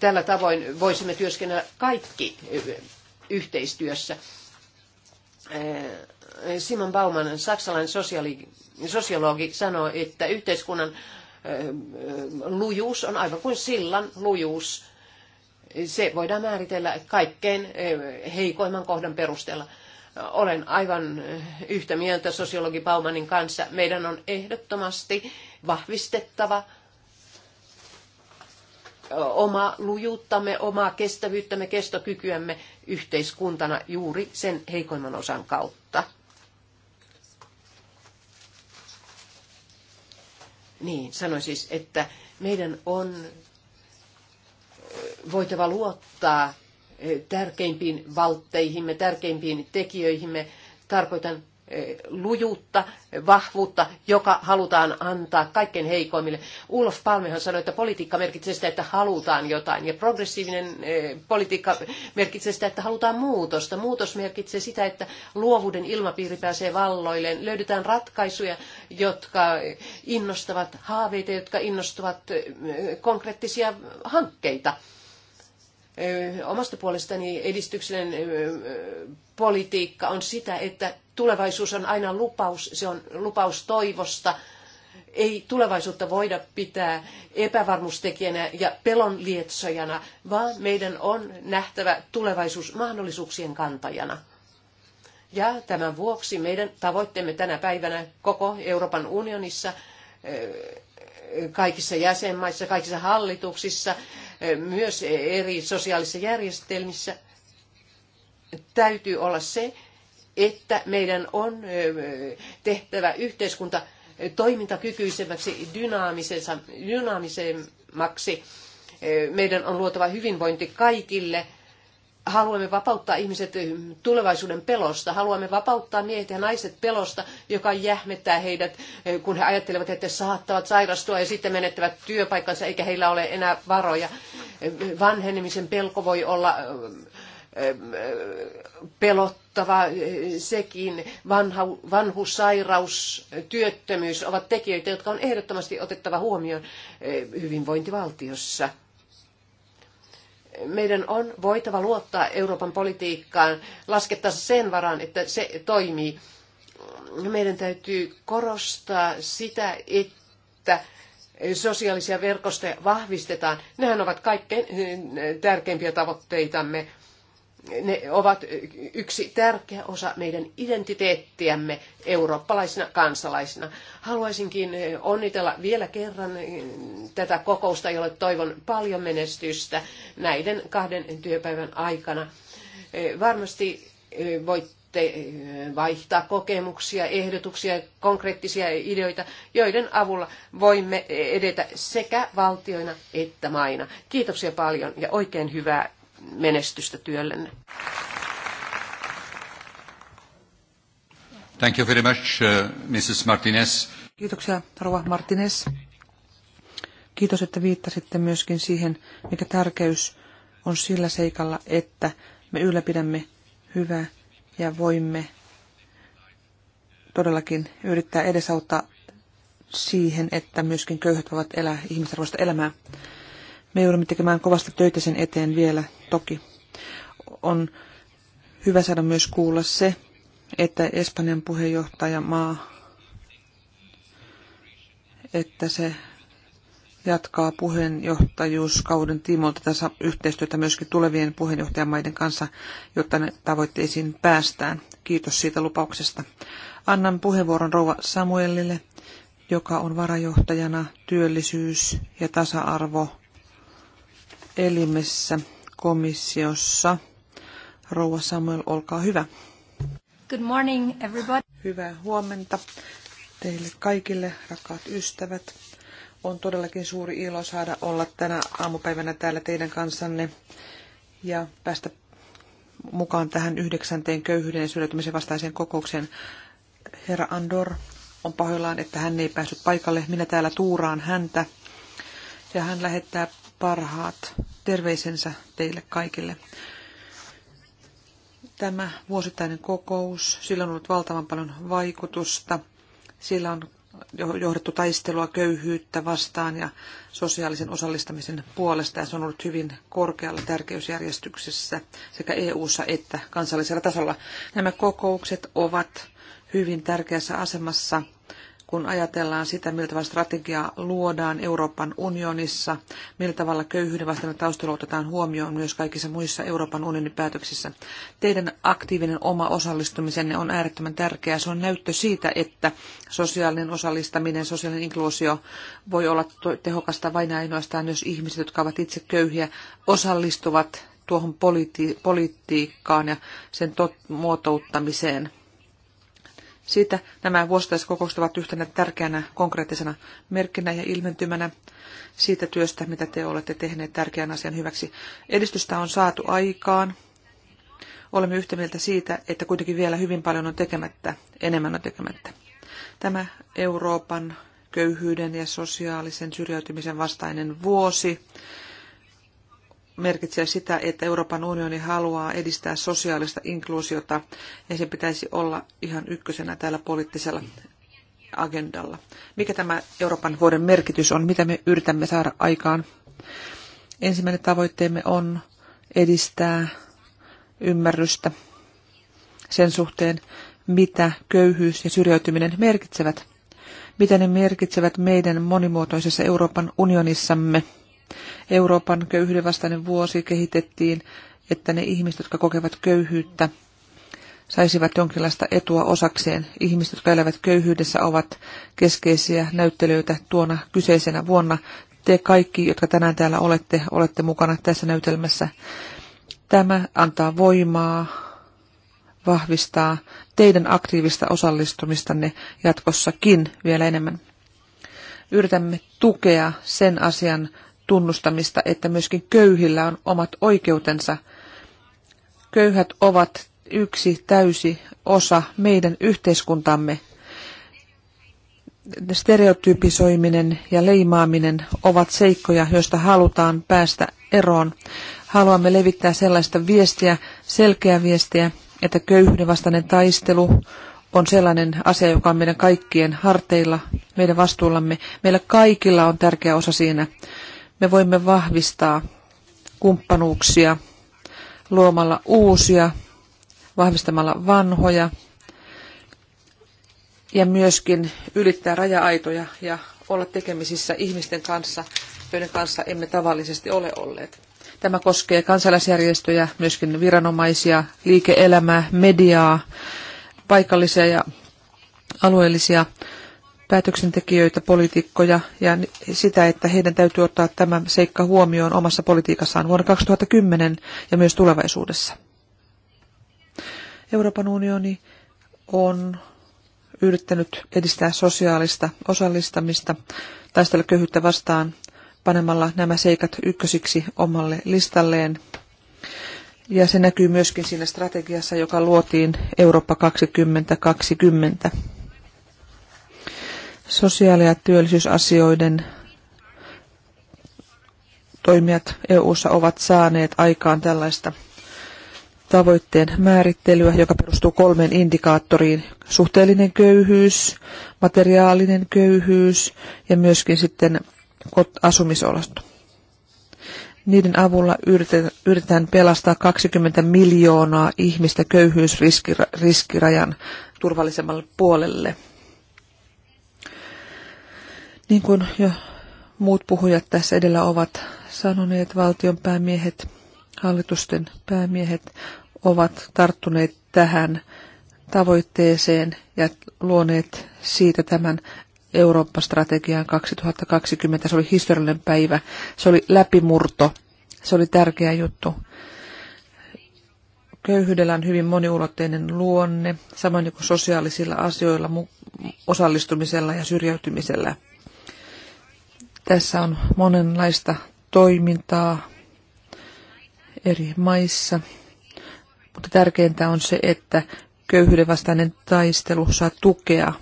tällä tavoin voisimme työskennellä kaikki yhteistyössä Simon Bauman, saksalainen sosiaali, sosiologi, sanoi, että yhteiskunnan lujuus on aivan kuin sillan lujuus. Se voidaan määritellä kaikkein heikoimman kohdan perusteella. Olen aivan yhtä mieltä sosiologi Baumanin kanssa. Meidän on ehdottomasti vahvistettava oma lujuuttamme, omaa kestävyyttämme, kestokykyämme yhteiskuntana juuri sen heikoimman osan kautta. Niin, sanoin siis, että meidän on voitava luottaa eh, tärkeimpiin valtteihimme, tärkeimpiin tekijöihimme. Tarkoitan lujuutta, vahvuutta, joka halutaan antaa kaikkein heikoimmille. Ulof Palmehan sanoi, että politiikka merkitsee sitä, että halutaan jotain. Ja progressiivinen eh, politiikka merkitsee sitä, että halutaan muutosta. Muutos merkitsee sitä, että luovuuden ilmapiiri pääsee valloilleen. Löydetään ratkaisuja, jotka innostavat haaveita, jotka innostavat eh, konkreettisia hankkeita omasta puolestani edistyksellinen politiikka on sitä, että tulevaisuus on aina lupaus, se on lupaus toivosta. Ei tulevaisuutta voida pitää epävarmuustekijänä ja pelon lietsojana, vaan meidän on nähtävä tulevaisuus mahdollisuuksien kantajana. Ja tämän vuoksi meidän tavoitteemme tänä päivänä koko Euroopan unionissa – kaikissa jäsenmaissa, kaikissa hallituksissa, myös eri sosiaalisissa järjestelmissä täytyy olla se, että meidän on tehtävä yhteiskunta toimintakykyisemmäksi, dynaamisemmaksi. Meidän on luotava hyvinvointi kaikille – haluamme vapauttaa ihmiset eh, tulevaisuuden pelosta. Haluamme vapauttaa miehet ja naiset pelosta, joka jähmettää heidät, eh, kun he ajattelevat, että he saattavat sairastua ja sitten menettävät työpaikkansa, eikä heillä ole enää varoja. Eh, vanhenemisen pelko voi olla pelottava sekin. Vanha, vanhus, sairaus, työttömyys ovat tekijöitä, jotka on ehdottomasti otettava huomioon hyvinvointivaltiossa – meidän on voitava luottaa Euroopan politiikkaan, laskettaessa sen varaan, että se toimii. Meidän täytyy korostaa sitä, että sosiaalisia verkostoja vahvistetaan. Nehän ovat kaikkein eh, tärkeimpiä tavoitteitamme ne ovat yksi tärkeä osa meidän identiteettiämme eurooppalaisina kansalaisina. Haluaisinkin onnitella vielä kerran tätä kokousta, jolle toivon paljon menestystä näiden kahden työpäivän aikana. Varmasti voitte vaihtaa kokemuksia, ehdotuksia, konkreettisia ideoita, joiden avulla voimme edetä sekä valtioina että maina. Kiitoksia paljon ja oikein hyvää menestystä työllenne. Thank you very much, uh, Mrs. Martinez. Kiitoksia, Rova Martinez. Kiitos, että viittasitte myöskin siihen, mikä tärkeys on sillä seikalla, että me ylläpidämme hyvää ja voimme todellakin yrittää edesauttaa siihen, että myöskin köyhät voivat elää ihmisarvoista elämää. Me joudumme tekemään kovasti töitä sen eteen vielä Toki on hyvä saada myös kuulla se, että Espanjan puheenjohtaja maa, että se jatkaa puheenjohtajuuskauden tiimoilta tässä yhteistyötä myöskin tulevien puheenjohtajamaiden kanssa, jotta ne tavoitteisiin päästään. Kiitos siitä lupauksesta. Annan puheenvuoron rouva Samuelille, joka on varajohtajana työllisyys- ja tasa-arvo elimessä komissiossa. Rouva Samuel, olkaa hyvä. Good morning, everybody. Hyvää huomenta teille kaikille, rakkaat ystävät. On todellakin suuri ilo saada olla tänä aamupäivänä täällä teidän kanssanne ja päästä mukaan tähän yhdeksänteen köyhyyden ja syrjäytymisen vastaiseen kokoukseen. Herra Andor on pahoillaan, että hän ei päässyt paikalle. Minä täällä tuuraan häntä ja hän lähettää parhaat terveisensä teille kaikille. Tämä vuosittainen kokous, sillä on ollut valtavan paljon vaikutusta. Sillä on johdettu taistelua köyhyyttä vastaan ja sosiaalisen osallistamisen puolesta ja se on ollut hyvin korkealla tärkeysjärjestyksessä sekä EU-ssa että kansallisella tasolla. Nämä kokoukset ovat hyvin tärkeässä asemassa kun ajatellaan sitä, miltä tavalla strategiaa luodaan Euroopan unionissa, millä tavalla köyhyyden vastainen taustalla otetaan huomioon myös kaikissa muissa Euroopan unionin päätöksissä. Teidän aktiivinen oma osallistumisenne on äärettömän tärkeää. Se on näyttö siitä, että sosiaalinen osallistaminen, sosiaalinen inkluusio voi olla tehokasta vain ainoastaan, jos ihmiset, jotka ovat itse köyhiä, osallistuvat tuohon politi- politiikkaan ja sen tot- muotouttamiseen – siitä nämä vuosittaiskokoukset ovat yhtenä tärkeänä konkreettisena merkkinä ja ilmentymänä siitä työstä, mitä te olette tehneet tärkeän asian hyväksi. Edistystä on saatu aikaan. Olemme yhtä mieltä siitä, että kuitenkin vielä hyvin paljon on tekemättä, enemmän on tekemättä. Tämä Euroopan köyhyyden ja sosiaalisen syrjäytymisen vastainen vuosi merkitsee sitä, että Euroopan unioni haluaa edistää sosiaalista inkluusiota ja se pitäisi olla ihan ykkösenä täällä poliittisella agendalla. Mikä tämä Euroopan vuoden merkitys on? Mitä me yritämme saada aikaan? Ensimmäinen tavoitteemme on edistää ymmärrystä sen suhteen, mitä köyhyys ja syrjäytyminen merkitsevät, mitä ne merkitsevät meidän monimuotoisessa Euroopan unionissamme – Euroopan köyhyyden vastainen vuosi kehitettiin, että ne ihmiset, jotka kokevat köyhyyttä, saisivat jonkinlaista etua osakseen. Ihmiset, jotka elävät köyhyydessä, ovat keskeisiä näyttelijöitä tuona kyseisenä vuonna. Te kaikki, jotka tänään täällä olette, olette mukana tässä näytelmässä. Tämä antaa voimaa, vahvistaa teidän aktiivista osallistumistanne jatkossakin vielä enemmän. Yritämme tukea sen asian tunnustamista, että myöskin köyhillä on omat oikeutensa. Köyhät ovat yksi täysi osa meidän yhteiskuntamme. Stereotypisoiminen ja leimaaminen ovat seikkoja, joista halutaan päästä eroon. Haluamme levittää sellaista viestiä, selkeää viestiä, että köyhyyden vastainen taistelu on sellainen asia, joka on meidän kaikkien harteilla, meidän vastuullamme. Meillä kaikilla on tärkeä osa siinä me voimme vahvistaa kumppanuuksia luomalla uusia, vahvistamalla vanhoja ja myöskin ylittää raja-aitoja ja olla tekemisissä ihmisten kanssa, joiden kanssa emme tavallisesti ole olleet. Tämä koskee kansalaisjärjestöjä, myöskin viranomaisia, liike-elämää, mediaa, paikallisia ja alueellisia päätöksentekijöitä, poliitikkoja ja sitä, että heidän täytyy ottaa tämä seikka huomioon omassa politiikassaan vuonna 2010 ja myös tulevaisuudessa. Euroopan unioni on yrittänyt edistää sosiaalista osallistamista, taistella köyhyyttä vastaan panemalla nämä seikat ykkösiksi omalle listalleen. Ja se näkyy myöskin siinä strategiassa, joka luotiin Eurooppa 2020 sosiaali- ja työllisyysasioiden toimijat EU:ssa ovat saaneet aikaan tällaista tavoitteen määrittelyä, joka perustuu kolmeen indikaattoriin. Suhteellinen köyhyys, materiaalinen köyhyys ja myöskin sitten asumisolosto. Niiden avulla yritetään pelastaa 20 miljoonaa ihmistä köyhyysriskirajan turvallisemmalle puolelle. Niin kuin jo muut puhujat tässä edellä ovat sanoneet, valtion päämiehet, hallitusten päämiehet ovat tarttuneet tähän tavoitteeseen ja luoneet siitä tämän Eurooppa-strategiaan 2020. Se oli historiallinen päivä, se oli läpimurto, se oli tärkeä juttu. Köyhyydellä on hyvin moniulotteinen luonne, samoin kuin sosiaalisilla asioilla, osallistumisella ja syrjäytymisellä. Tässä on monenlaista toimintaa eri maissa, mutta tärkeintä on se, että köyhyyden vastainen taistelu saa tukea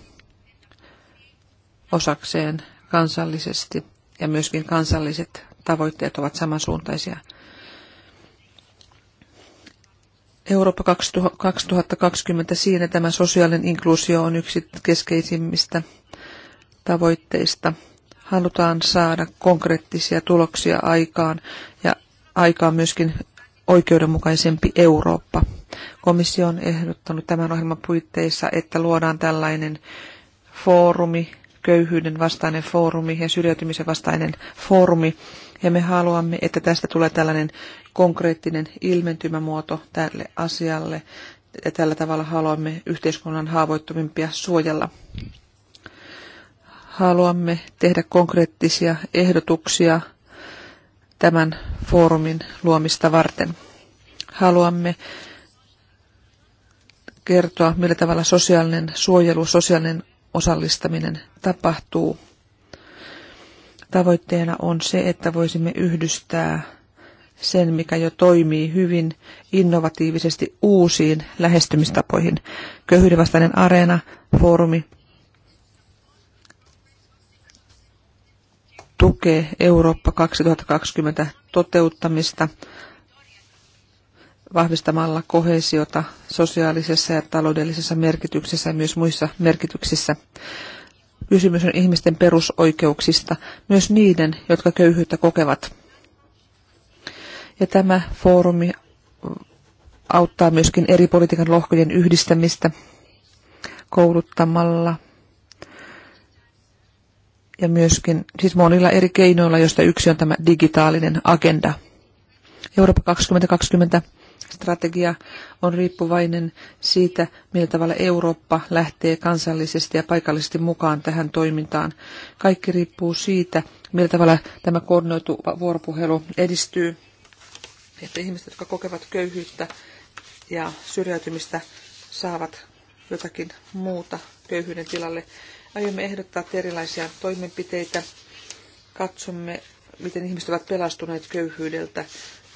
osakseen kansallisesti ja myöskin kansalliset tavoitteet ovat samansuuntaisia. Eurooppa 2020, siinä tämä sosiaalinen inkluusio on yksi keskeisimmistä tavoitteista – halutaan saada konkreettisia tuloksia aikaan ja aikaan myöskin oikeudenmukaisempi Eurooppa. Komissio on ehdottanut tämän ohjelman puitteissa, että luodaan tällainen foorumi, köyhyyden vastainen foorumi ja syrjäytymisen vastainen foorumi. Ja me haluamme, että tästä tulee tällainen konkreettinen ilmentymämuoto tälle asialle. Ja tällä tavalla haluamme yhteiskunnan haavoittuvimpia suojella. Haluamme tehdä konkreettisia ehdotuksia tämän foorumin luomista varten. Haluamme kertoa, millä tavalla sosiaalinen suojelu, sosiaalinen osallistaminen tapahtuu. Tavoitteena on se, että voisimme yhdistää sen, mikä jo toimii hyvin innovatiivisesti uusiin lähestymistapoihin. Köyhyydenvastainen areena, foorumi tukee Eurooppa 2020 toteuttamista vahvistamalla kohesiota sosiaalisessa ja taloudellisessa merkityksessä ja myös muissa merkityksissä. Kysymys on ihmisten perusoikeuksista, myös niiden, jotka köyhyyttä kokevat. Ja tämä foorumi auttaa myöskin eri politiikan lohkojen yhdistämistä kouluttamalla – ja myöskin siis monilla eri keinoilla, joista yksi on tämä digitaalinen agenda. Eurooppa 2020 strategia on riippuvainen siitä, millä tavalla Eurooppa lähtee kansallisesti ja paikallisesti mukaan tähän toimintaan. Kaikki riippuu siitä, millä tavalla tämä koordinoitu vuoropuhelu edistyy. Että ihmiset, jotka kokevat köyhyyttä ja syrjäytymistä, saavat jotakin muuta köyhyyden tilalle. Aiomme ehdottaa erilaisia toimenpiteitä. Katsomme, miten ihmiset ovat pelastuneet köyhyydeltä.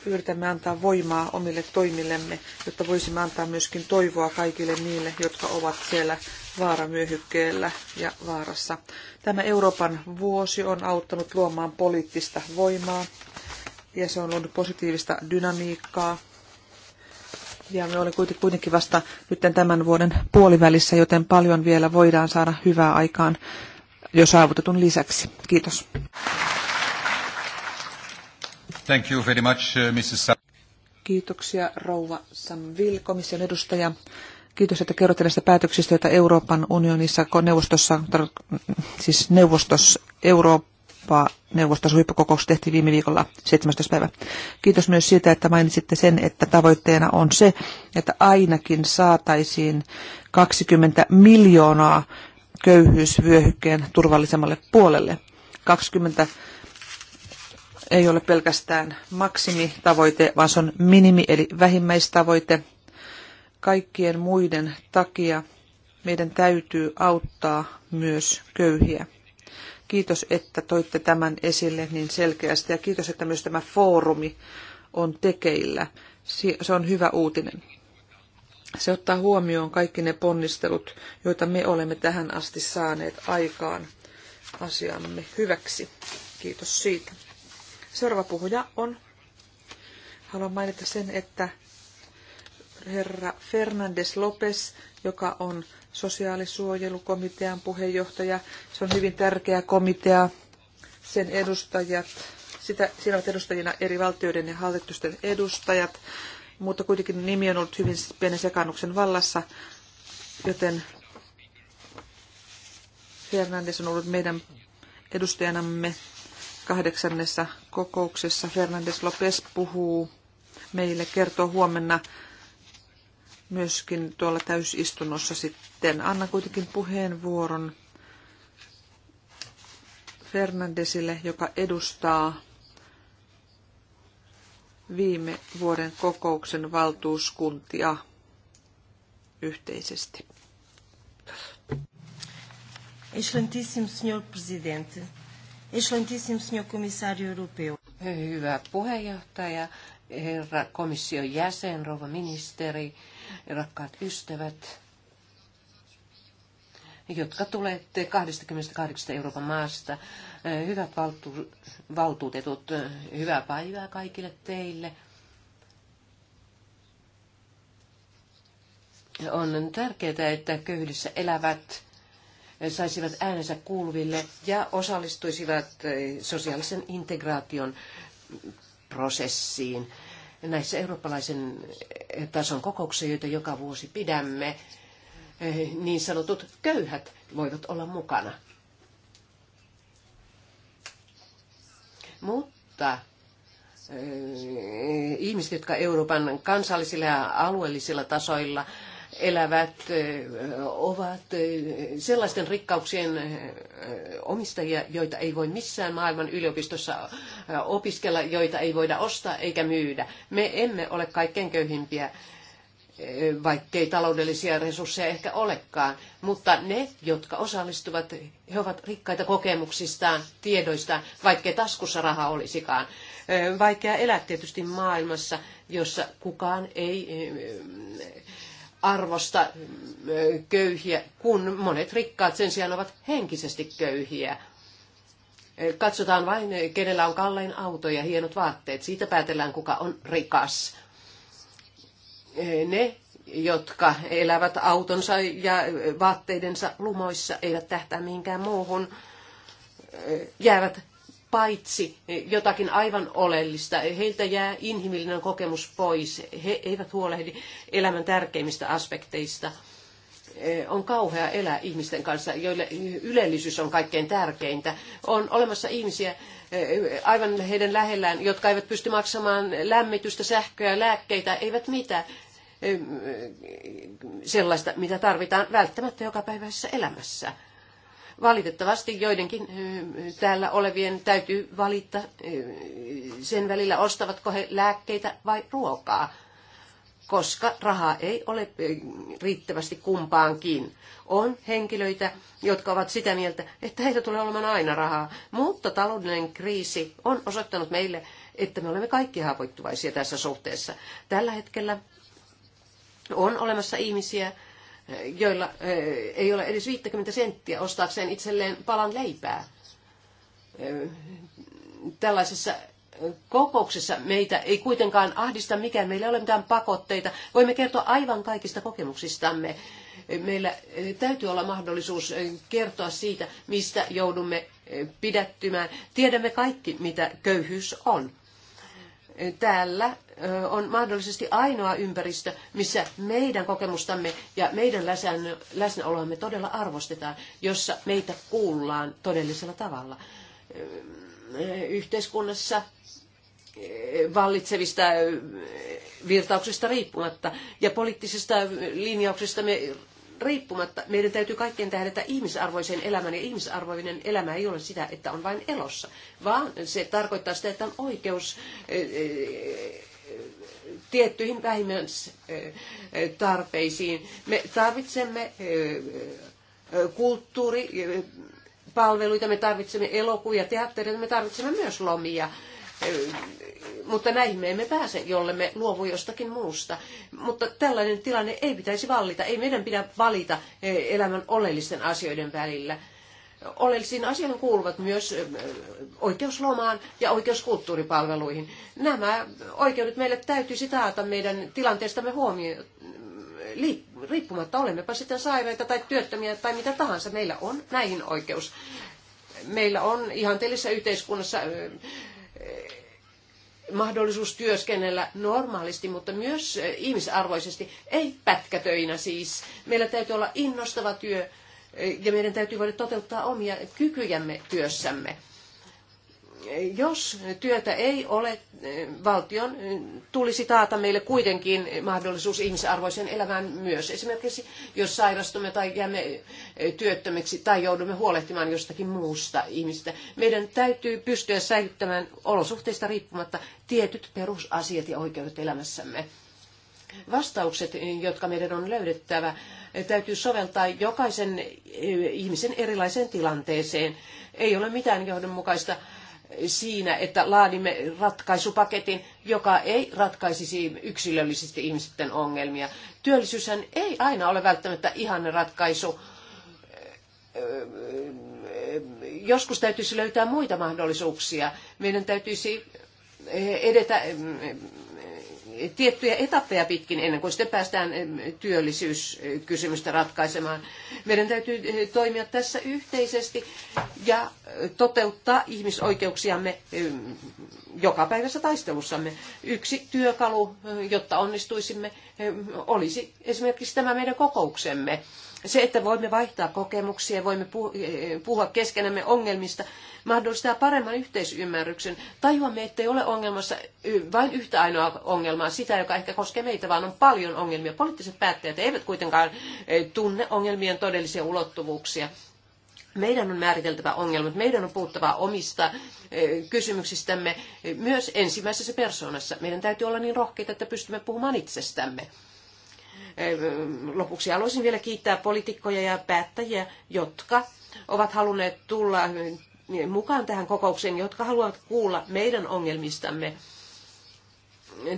Yritämme antaa voimaa omille toimillemme, jotta voisimme antaa myöskin toivoa kaikille niille, jotka ovat siellä vaaramyöhykkeellä ja vaarassa. Tämä Euroopan vuosi on auttanut luomaan poliittista voimaa ja se on luonut positiivista dynamiikkaa ja me olemme kuitenkin vasta nyt tämän vuoden puolivälissä, joten paljon vielä voidaan saada hyvää aikaan jo saavutetun lisäksi. Kiitos. Thank you very much, uh, Mrs. Kiitoksia rouva Samvil, komission edustaja. Kiitos, että kerrotte näistä päätöksistä, joita Euroopan unionissa, neuvostossa, siis neuvostossa Eurooppa eurooppa neuvoston huippukokous tehtiin viime viikolla 17. päivä. Kiitos myös siitä, että mainitsitte sen, että tavoitteena on se, että ainakin saataisiin 20 miljoonaa köyhyysvyöhykkeen turvallisemmalle puolelle. 20 ei ole pelkästään maksimitavoite, vaan se on minimi eli vähimmäistavoite. Kaikkien muiden takia meidän täytyy auttaa myös köyhiä. Kiitos, että toitte tämän esille niin selkeästi ja kiitos, että myös tämä foorumi on tekeillä. Se on hyvä uutinen. Se ottaa huomioon kaikki ne ponnistelut, joita me olemme tähän asti saaneet aikaan asiamme hyväksi. Kiitos siitä. Seuraava puhuja on, haluan mainita sen, että herra Fernandes Lopes, joka on sosiaalisuojelukomitean puheenjohtaja. Se on hyvin tärkeä komitea. Sen edustajat, sitä, siinä ovat edustajina eri valtioiden ja hallitusten edustajat, mutta kuitenkin nimi on ollut hyvin pienen sekannuksen vallassa, joten Fernandes on ollut meidän edustajanamme kahdeksannessa kokouksessa. Fernandes Lopes puhuu meille, kertoo huomenna myöskin tuolla täysistunnossa sitten. Annan kuitenkin puheenvuoron Fernandesille, joka edustaa viime vuoden kokouksen valtuuskuntia yhteisesti. Excelentíssimo signor presidente, excelentíssimo signor Commissario Europeo. Hyvä puheenjohtaja, herra komission jäsen, rouva ministeri, rakkaat ystävät, jotka tulette 28 Euroopan maasta. Hyvät valtu- valtuutetut, hyvää päivää kaikille teille. On tärkeää, että köyhyydessä elävät saisivat äänensä kuuluville ja osallistuisivat sosiaalisen integraation prosessiin näissä eurooppalaisen tason kokouksissa, joita joka vuosi pidämme, niin sanotut köyhät voivat olla mukana. Mutta eh, ihmiset, jotka Euroopan kansallisilla ja alueellisilla tasoilla elävät ovat sellaisten rikkauksien omistajia, joita ei voi missään maailman yliopistossa opiskella, joita ei voida ostaa eikä myydä. Me emme ole kaikkein köyhimpiä vaikkei taloudellisia resursseja ehkä olekaan, mutta ne, jotka osallistuvat, he ovat rikkaita kokemuksistaan, tiedoistaan, vaikkei taskussa raha olisikaan. Vaikea elää tietysti maailmassa, jossa kukaan ei arvosta köyhiä, kun monet rikkaat sen sijaan ovat henkisesti köyhiä. Katsotaan vain, kenellä on kallein auto ja hienot vaatteet. Siitä päätellään, kuka on rikas. Ne, jotka elävät autonsa ja vaatteidensa lumoissa, eivät tähtää mihinkään muuhun, jäävät paitsi jotakin aivan oleellista. Heiltä jää inhimillinen kokemus pois. He eivät huolehdi elämän tärkeimmistä aspekteista. E, on kauhea elää ihmisten kanssa, joille ylellisyys on kaikkein tärkeintä. On olemassa ihmisiä e, aivan heidän lähellään, jotka eivät pysty maksamaan lämmitystä, sähköä, lääkkeitä, eivät mitään e, sellaista, mitä tarvitaan välttämättä jokapäiväisessä elämässä Valitettavasti joidenkin täällä olevien täytyy valita sen välillä, ostavatko he lääkkeitä vai ruokaa, koska rahaa ei ole riittävästi kumpaankin. On henkilöitä, jotka ovat sitä mieltä, että heitä tulee olemaan aina rahaa, mutta taloudellinen kriisi on osoittanut meille, että me olemme kaikki haavoittuvaisia tässä suhteessa. Tällä hetkellä on olemassa ihmisiä, joilla ei ole edes 50 senttiä ostaakseen itselleen palan leipää. Tällaisessa kokouksessa meitä ei kuitenkaan ahdista mikään, meillä ei ole mitään pakotteita. Voimme kertoa aivan kaikista kokemuksistamme. Meillä täytyy olla mahdollisuus kertoa siitä, mistä joudumme pidättymään. Tiedämme kaikki, mitä köyhyys on täällä on mahdollisesti ainoa ympäristö, missä meidän kokemustamme ja meidän läsnäoloamme todella arvostetaan, jossa meitä kuullaan todellisella tavalla. Yhteiskunnassa vallitsevista virtauksista riippumatta ja poliittisista linjauksista me riippumatta, meidän täytyy kaikkien tähdätä ihmisarvoiseen elämään. ja ihmisarvoinen elämä ei ole sitä, että on vain elossa, vaan se tarkoittaa sitä, että on oikeus tiettyihin vähimmäistarpeisiin. Me tarvitsemme kulttuuripalveluita, me tarvitsemme elokuvia, teatteria, me tarvitsemme myös lomia. Mutta näihin me emme pääse, jolle me luovu jostakin muusta. Mutta tällainen tilanne ei pitäisi vallita. Ei meidän pidä valita elämän oleellisten asioiden välillä. Oleellisiin asioihin kuuluvat myös oikeuslomaan ja oikeuskulttuuripalveluihin. Nämä oikeudet meille täytyisi taata meidän tilanteestamme huomioon riippumatta olemmepa sitten sairaita tai työttömiä tai mitä tahansa, meillä on näihin oikeus. Meillä on ihanteellisessa yhteiskunnassa Eh, mahdollisuus työskennellä normaalisti, mutta myös eh, ihmisarvoisesti, ei pätkätöinä siis. Meillä täytyy olla innostava työ eh, ja meidän täytyy voida toteuttaa omia kykyjämme työssämme. Jos työtä ei ole, valtion tulisi taata meille kuitenkin mahdollisuus ihmisarvoiseen elämään myös. Esimerkiksi jos sairastumme tai jäämme työttömiksi tai joudumme huolehtimaan jostakin muusta ihmistä, meidän täytyy pystyä säilyttämään olosuhteista riippumatta tietyt perusasiat ja oikeudet elämässämme vastaukset, jotka meidän on löydettävä, täytyy soveltaa jokaisen ihmisen erilaiseen tilanteeseen. Ei ole mitään johdonmukaista siinä, että laadimme ratkaisupaketin, joka ei ratkaisisi yksilöllisesti ihmisten ongelmia. Työllisyyshän ei aina ole välttämättä ihan ratkaisu. Joskus täytyisi löytää muita mahdollisuuksia. Meidän täytyisi edetä tiettyjä etappeja pitkin ennen kuin sitten päästään työllisyyskysymystä ratkaisemaan. Meidän täytyy eh, toimia tässä yhteisesti ja toteuttaa ihmisoikeuksiamme päivässä taistelussamme. Yksi työkalu, eh, jotta onnistuisimme, olisi esimerkiksi tämä meidän kokouksemme se, että voimme vaihtaa kokemuksia, voimme eh, puhua keskenämme ongelmista, mahdollistaa paremman yhteisymmärryksen. Tajuamme, ettei ole ongelmassa vain yhtä ainoa ongelmaa, sitä, joka ehkä koskee meitä, vaan on paljon ongelmia. Poliittiset päättäjät eivät kuitenkaan eh, tunne ongelmien todellisia ulottuvuuksia. Meidän on määriteltävä ongelmat, meidän on puhuttava omista eh, kysymyksistämme myös ensimmäisessä persoonassa. Meidän täytyy olla niin rohkeita, että pystymme puhumaan itsestämme. Lopuksi haluaisin vielä kiittää poliitikkoja ja päättäjiä, jotka ovat halunneet tulla mukaan tähän kokoukseen, jotka haluavat kuulla meidän ongelmistamme.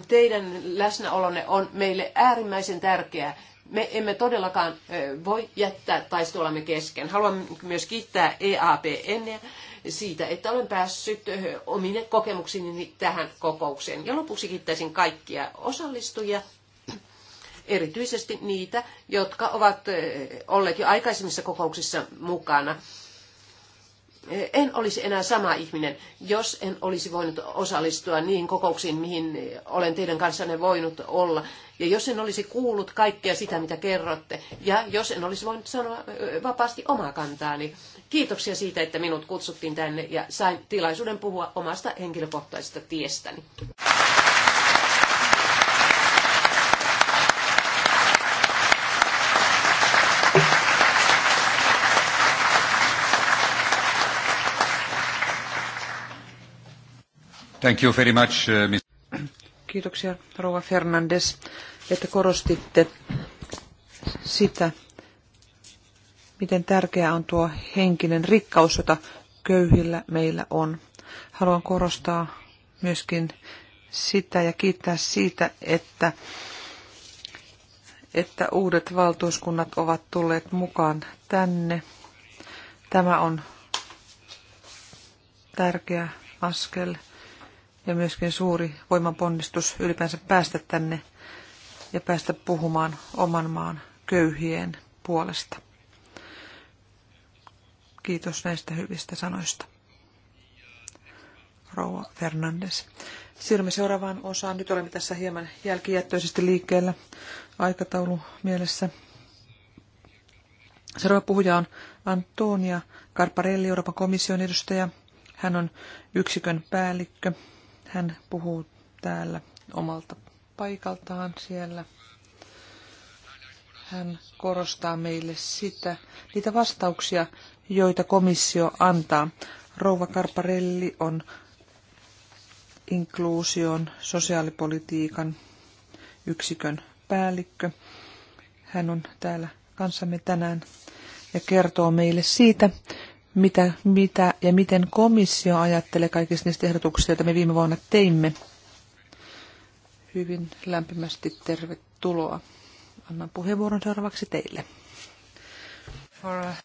Teidän läsnäolonne on meille äärimmäisen tärkeää. Me emme todellakaan voi jättää taisteluamme kesken. Haluan myös kiittää EAPN siitä, että olen päässyt omine kokemuksini tähän kokoukseen. Ja lopuksi kiittäisin kaikkia osallistujia erityisesti niitä, jotka ovat eh, olleet jo aikaisemmissa kokouksissa mukana. Eh, en olisi enää sama ihminen, jos en olisi voinut osallistua niihin kokouksiin, mihin olen teidän kanssanne voinut olla. Ja jos en olisi kuullut kaikkea sitä, mitä kerrotte. Ja jos en olisi voinut sanoa eh, vapaasti omaa kantaani. Kiitoksia siitä, että minut kutsuttiin tänne ja sain tilaisuuden puhua omasta henkilökohtaisesta tiestäni. Thank you very much, uh, Kiitoksia, rouva Fernandes, että korostitte sitä, miten tärkeää on tuo henkinen rikkaus, jota köyhillä meillä on. Haluan korostaa myöskin sitä ja kiittää siitä, että, että uudet valtuuskunnat ovat tulleet mukaan tänne. Tämä on tärkeä askel ja myöskin suuri voimaponnistus ylipäänsä päästä tänne ja päästä puhumaan oman maan köyhien puolesta. Kiitos näistä hyvistä sanoista. Rouva Fernandes. Siirrymme seuraavaan osaan. Nyt olemme tässä hieman jälkijättöisesti liikkeellä aikataulu mielessä. Seuraava puhuja on Antonia Carparelli, Euroopan komission edustaja. Hän on yksikön päällikkö hän puhuu täällä omalta paikaltaan siellä. Hän korostaa meille sitä, niitä vastauksia, joita komissio antaa. Rouva Karparelli on inkluusion sosiaalipolitiikan yksikön päällikkö. Hän on täällä kanssamme tänään ja kertoo meille siitä, mitä, mitä ja miten komissio ajattelee kaikista niistä ehdotuksista, joita me viime vuonna teimme. Hyvin lämpimästi tervetuloa. Annan puheenvuoron seuraavaksi teille.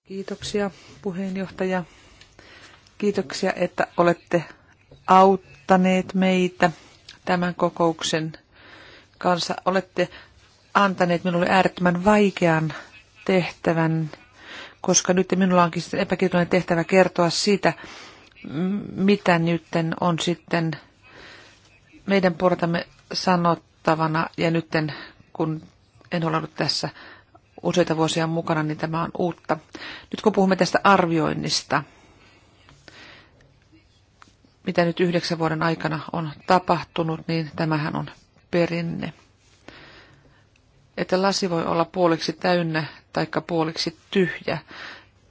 Kiitoksia puheenjohtaja. Kiitoksia, että olette auttaneet meitä tämän kokouksen kanssa. Olette antaneet minulle äärettömän vaikean tehtävän koska nyt minulla onkin epäkiitollinen tehtävä kertoa siitä, mitä nyt on sitten meidän puoleltamme sanottavana. Ja nyt kun en ole ollut tässä useita vuosia mukana, niin tämä on uutta. Nyt kun puhumme tästä arvioinnista, mitä nyt yhdeksän vuoden aikana on tapahtunut, niin tämähän on perinne että lasi voi olla puoliksi täynnä tai puoliksi tyhjä.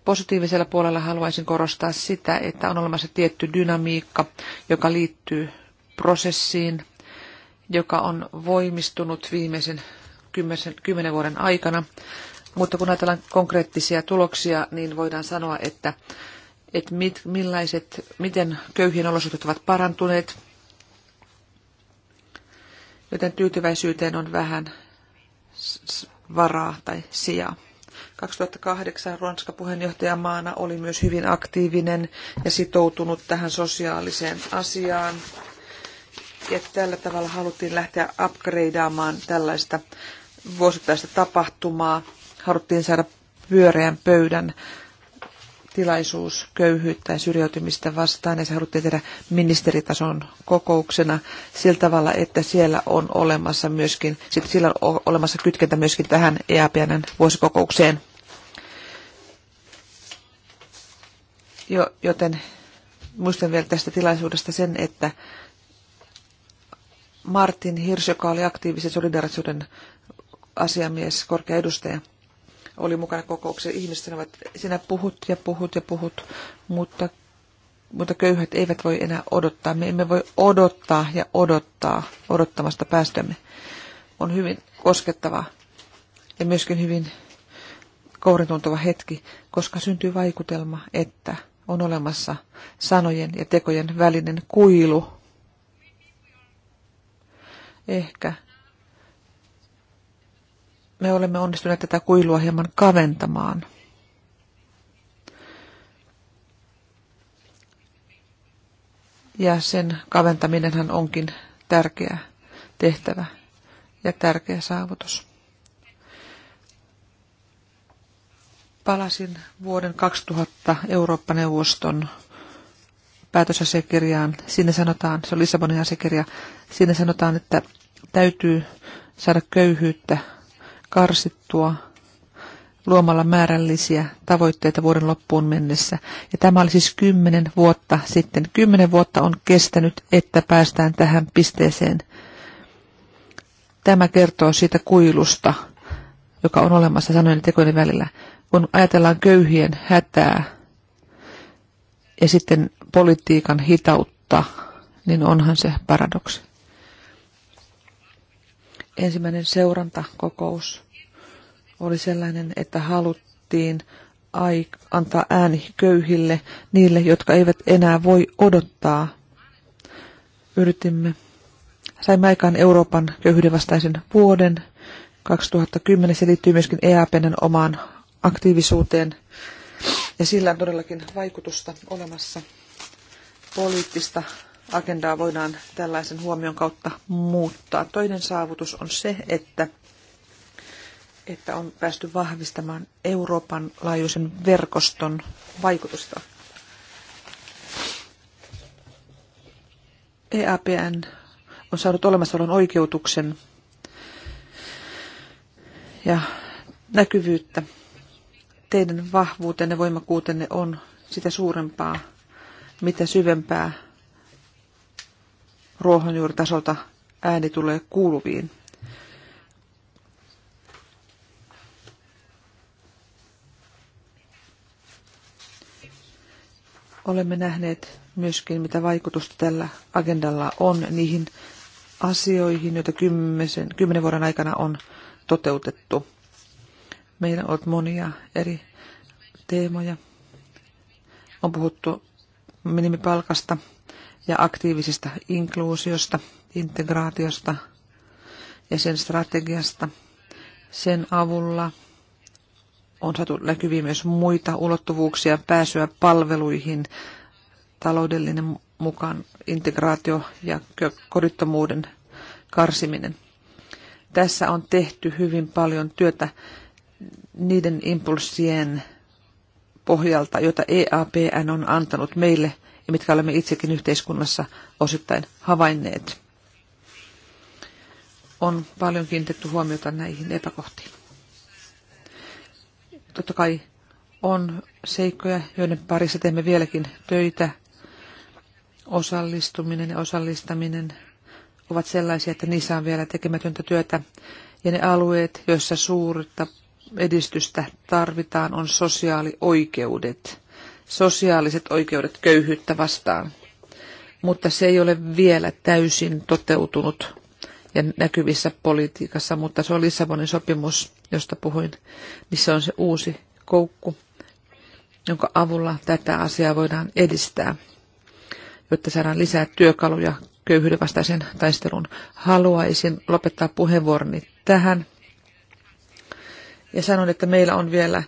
Positiivisella puolella haluaisin korostaa sitä, että on olemassa tietty dynamiikka, joka liittyy prosessiin, joka on voimistunut viimeisen kymmenen vuoden aikana. Mutta kun ajatellaan konkreettisia tuloksia, niin voidaan sanoa, että, että mit, millaiset, miten köyhien olosuhteet ovat parantuneet, joten tyytyväisyyteen on vähän varaa tai sijaa. 2008 Ranska puheenjohtajamaana oli myös hyvin aktiivinen ja sitoutunut tähän sosiaaliseen asiaan. Ja tällä tavalla haluttiin lähteä upgradeaamaan tällaista vuosittaista tapahtumaa. Haluttiin saada pyöreän pöydän tilaisuus köyhyyttä ja syrjäytymistä vastaan ja se haluttiin tehdä ministeritason kokouksena sillä tavalla, että siellä on olemassa myöskin, sillä on olemassa kytkentä myöskin tähän EAPNn vuosikokoukseen. Jo, joten muistan vielä tästä tilaisuudesta sen, että Martin Hirsch, joka oli aktiivisen solidaarisuuden asiamies, korkea edustaja, oli mukana kokouksessa. Ihmiset että sinä puhut ja puhut ja puhut, mutta, mutta köyhät eivät voi enää odottaa. Me emme voi odottaa ja odottaa odottamasta päästämme. On hyvin koskettava ja myöskin hyvin kourintuntava hetki, koska syntyy vaikutelma, että on olemassa sanojen ja tekojen välinen kuilu. Ehkä me olemme onnistuneet tätä kuilua hieman kaventamaan. Ja sen kaventaminenhan onkin tärkeä tehtävä ja tärkeä saavutus. Palasin vuoden 2000 Eurooppa-neuvoston päätösasiakirjaan. Siinä sanotaan, se on Lissabonin asiakirja, siinä sanotaan, että täytyy saada köyhyyttä karsittua luomalla määrällisiä tavoitteita vuoden loppuun mennessä. Ja tämä oli siis kymmenen vuotta sitten. Kymmenen vuotta on kestänyt, että päästään tähän pisteeseen. Tämä kertoo siitä kuilusta, joka on olemassa sanojen ja tekojen välillä. Kun ajatellaan köyhien hätää ja sitten politiikan hitautta, niin onhan se paradoksi ensimmäinen seurantakokous oli sellainen, että haluttiin antaa ääni köyhille, niille, jotka eivät enää voi odottaa. Yritimme. Saimme aikaan Euroopan köyhyyden vastaisen vuoden 2010. Se liittyy myöskin EAPn omaan aktiivisuuteen. Ja sillä on todellakin vaikutusta olemassa poliittista agendaa voidaan tällaisen huomion kautta muuttaa. Toinen saavutus on se, että, että on päästy vahvistamaan Euroopan laajuisen verkoston vaikutusta. EAPN on saanut olemassaolon oikeutuksen ja näkyvyyttä. Teidän vahvuutenne, voimakuutenne on sitä suurempaa, mitä syvempää ruohonjuuritasolta ääni tulee kuuluviin. Olemme nähneet myöskin, mitä vaikutusta tällä agendalla on niihin asioihin, joita kymmenen, kymmenen vuoden aikana on toteutettu. Meillä on monia eri teemoja. On puhuttu minimipalkasta, ja aktiivisesta inkluusiosta, integraatiosta ja sen strategiasta. Sen avulla on saatu näkyviin myös muita ulottuvuuksia, pääsyä palveluihin, taloudellinen mukaan integraatio ja kodittomuuden karsiminen. Tässä on tehty hyvin paljon työtä niiden impulssien pohjalta, jota EAPN on antanut meille ja mitkä olemme itsekin yhteiskunnassa osittain havainneet. On paljon kiinnitetty huomiota näihin epäkohtiin. Totta kai on seikkoja, joiden parissa teemme vieläkin töitä. Osallistuminen ja osallistaminen ovat sellaisia, että niissä on vielä tekemätöntä työtä. Ja ne alueet, joissa suurta edistystä tarvitaan, on sosiaalioikeudet, sosiaaliset oikeudet köyhyyttä vastaan. Mutta se ei ole vielä täysin toteutunut ja näkyvissä politiikassa, mutta se on Lissabonin sopimus, josta puhuin, missä on se uusi koukku, jonka avulla tätä asiaa voidaan edistää, jotta saadaan lisää työkaluja köyhyyden vastaisen taistelun. Haluaisin lopettaa puheenvuoroni tähän ja sanon, että meillä on vielä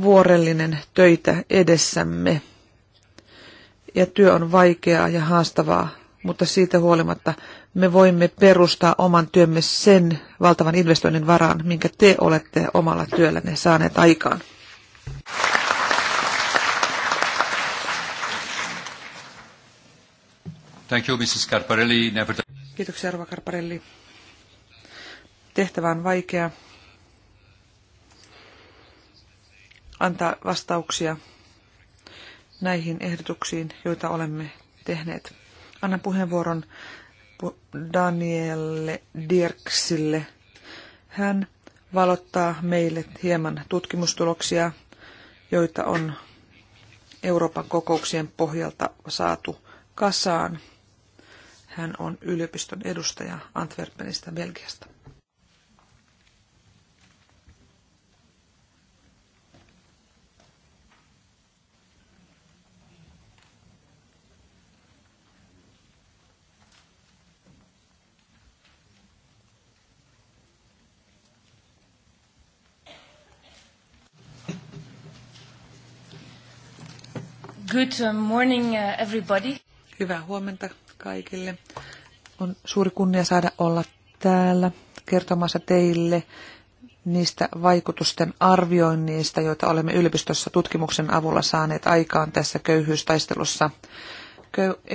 vuorellinen töitä edessämme. Ja työ on vaikeaa ja haastavaa, mutta siitä huolimatta me voimme perustaa oman työmme sen valtavan investoinnin varaan, minkä te olette omalla työllänne saaneet aikaan. Thank you, Mrs. Carparelli. Never... Kiitoksia, Arva Carparelli. Tehtävä on vaikea antaa vastauksia näihin ehdotuksiin, joita olemme tehneet. Annan puheenvuoron Danielle Dirksille. Hän valottaa meille hieman tutkimustuloksia, joita on Euroopan kokouksien pohjalta saatu kasaan. Hän on yliopiston edustaja Antwerpenistä, Belgiasta. Good uh, morning uh, everybody. Hyvää huomenta kaikille. On suuri kunnia saada olla täällä kertomassa teille niistä vaikutusten arvioinnista, joita olemme yliopistossa tutkimuksen avulla saaneet aikaan tässä köyhyystaistelussa.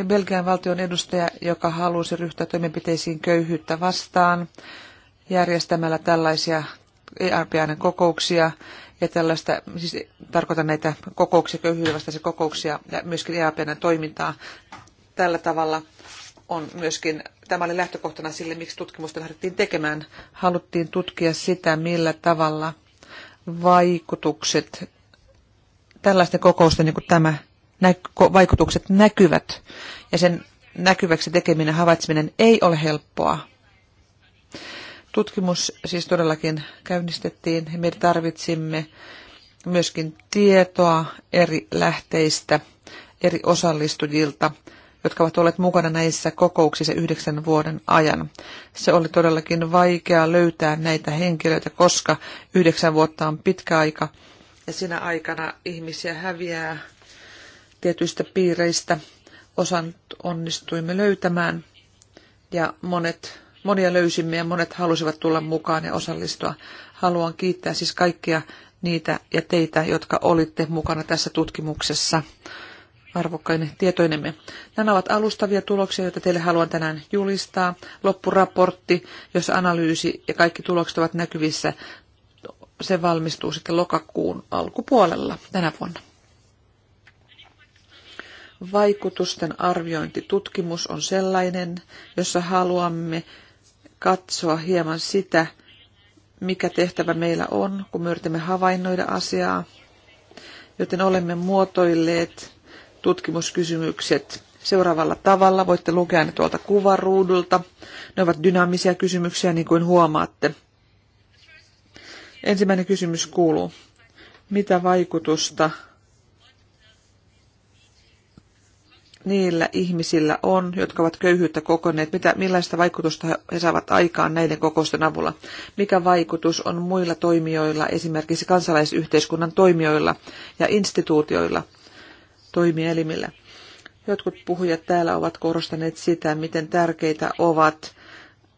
Belgian valtion edustaja, joka halusi ryhtyä toimenpiteisiin köyhyyttä vastaan järjestämällä tällaisia ERPN kokouksia, ja tällaista, siis tarkoitan näitä kokouksia, köyhyydenvastaisia kokouksia ja myöskin EAPn toimintaa. Tällä tavalla on myöskin, tämä oli lähtökohtana sille, miksi tutkimusta lähdettiin tekemään. Haluttiin tutkia sitä, millä tavalla vaikutukset, tällaisten kokousten niin kuin tämä, vaikutukset näkyvät. Ja sen näkyväksi tekeminen, havaitseminen ei ole helppoa. Tutkimus siis todellakin käynnistettiin ja me tarvitsimme myöskin tietoa eri lähteistä, eri osallistujilta, jotka ovat olleet mukana näissä kokouksissa yhdeksän vuoden ajan. Se oli todellakin vaikea löytää näitä henkilöitä, koska yhdeksän vuotta on pitkä aika ja sinä aikana ihmisiä häviää tietyistä piireistä. Osan onnistuimme löytämään ja monet monia löysimme ja monet halusivat tulla mukaan ja osallistua. Haluan kiittää siis kaikkia niitä ja teitä, jotka olitte mukana tässä tutkimuksessa arvokkainen tietoinemme. Nämä ovat alustavia tuloksia, joita teille haluan tänään julistaa. Loppuraportti, jossa analyysi ja kaikki tulokset ovat näkyvissä, se valmistuu sitten lokakuun alkupuolella tänä vuonna. Vaikutusten arviointitutkimus on sellainen, jossa haluamme katsoa hieman sitä, mikä tehtävä meillä on, kun me yritämme havainnoida asiaa, joten olemme muotoilleet tutkimuskysymykset seuraavalla tavalla. Voitte lukea ne tuolta kuvaruudulta. Ne ovat dynaamisia kysymyksiä, niin kuin huomaatte. Ensimmäinen kysymys kuuluu, mitä vaikutusta niillä ihmisillä on, jotka ovat köyhyyttä kokoneet, mitä, millaista vaikutusta he saavat aikaan näiden kokousten avulla, mikä vaikutus on muilla toimijoilla, esimerkiksi kansalaisyhteiskunnan toimijoilla ja instituutioilla, toimielimillä. Jotkut puhujat täällä ovat korostaneet sitä, miten tärkeitä ovat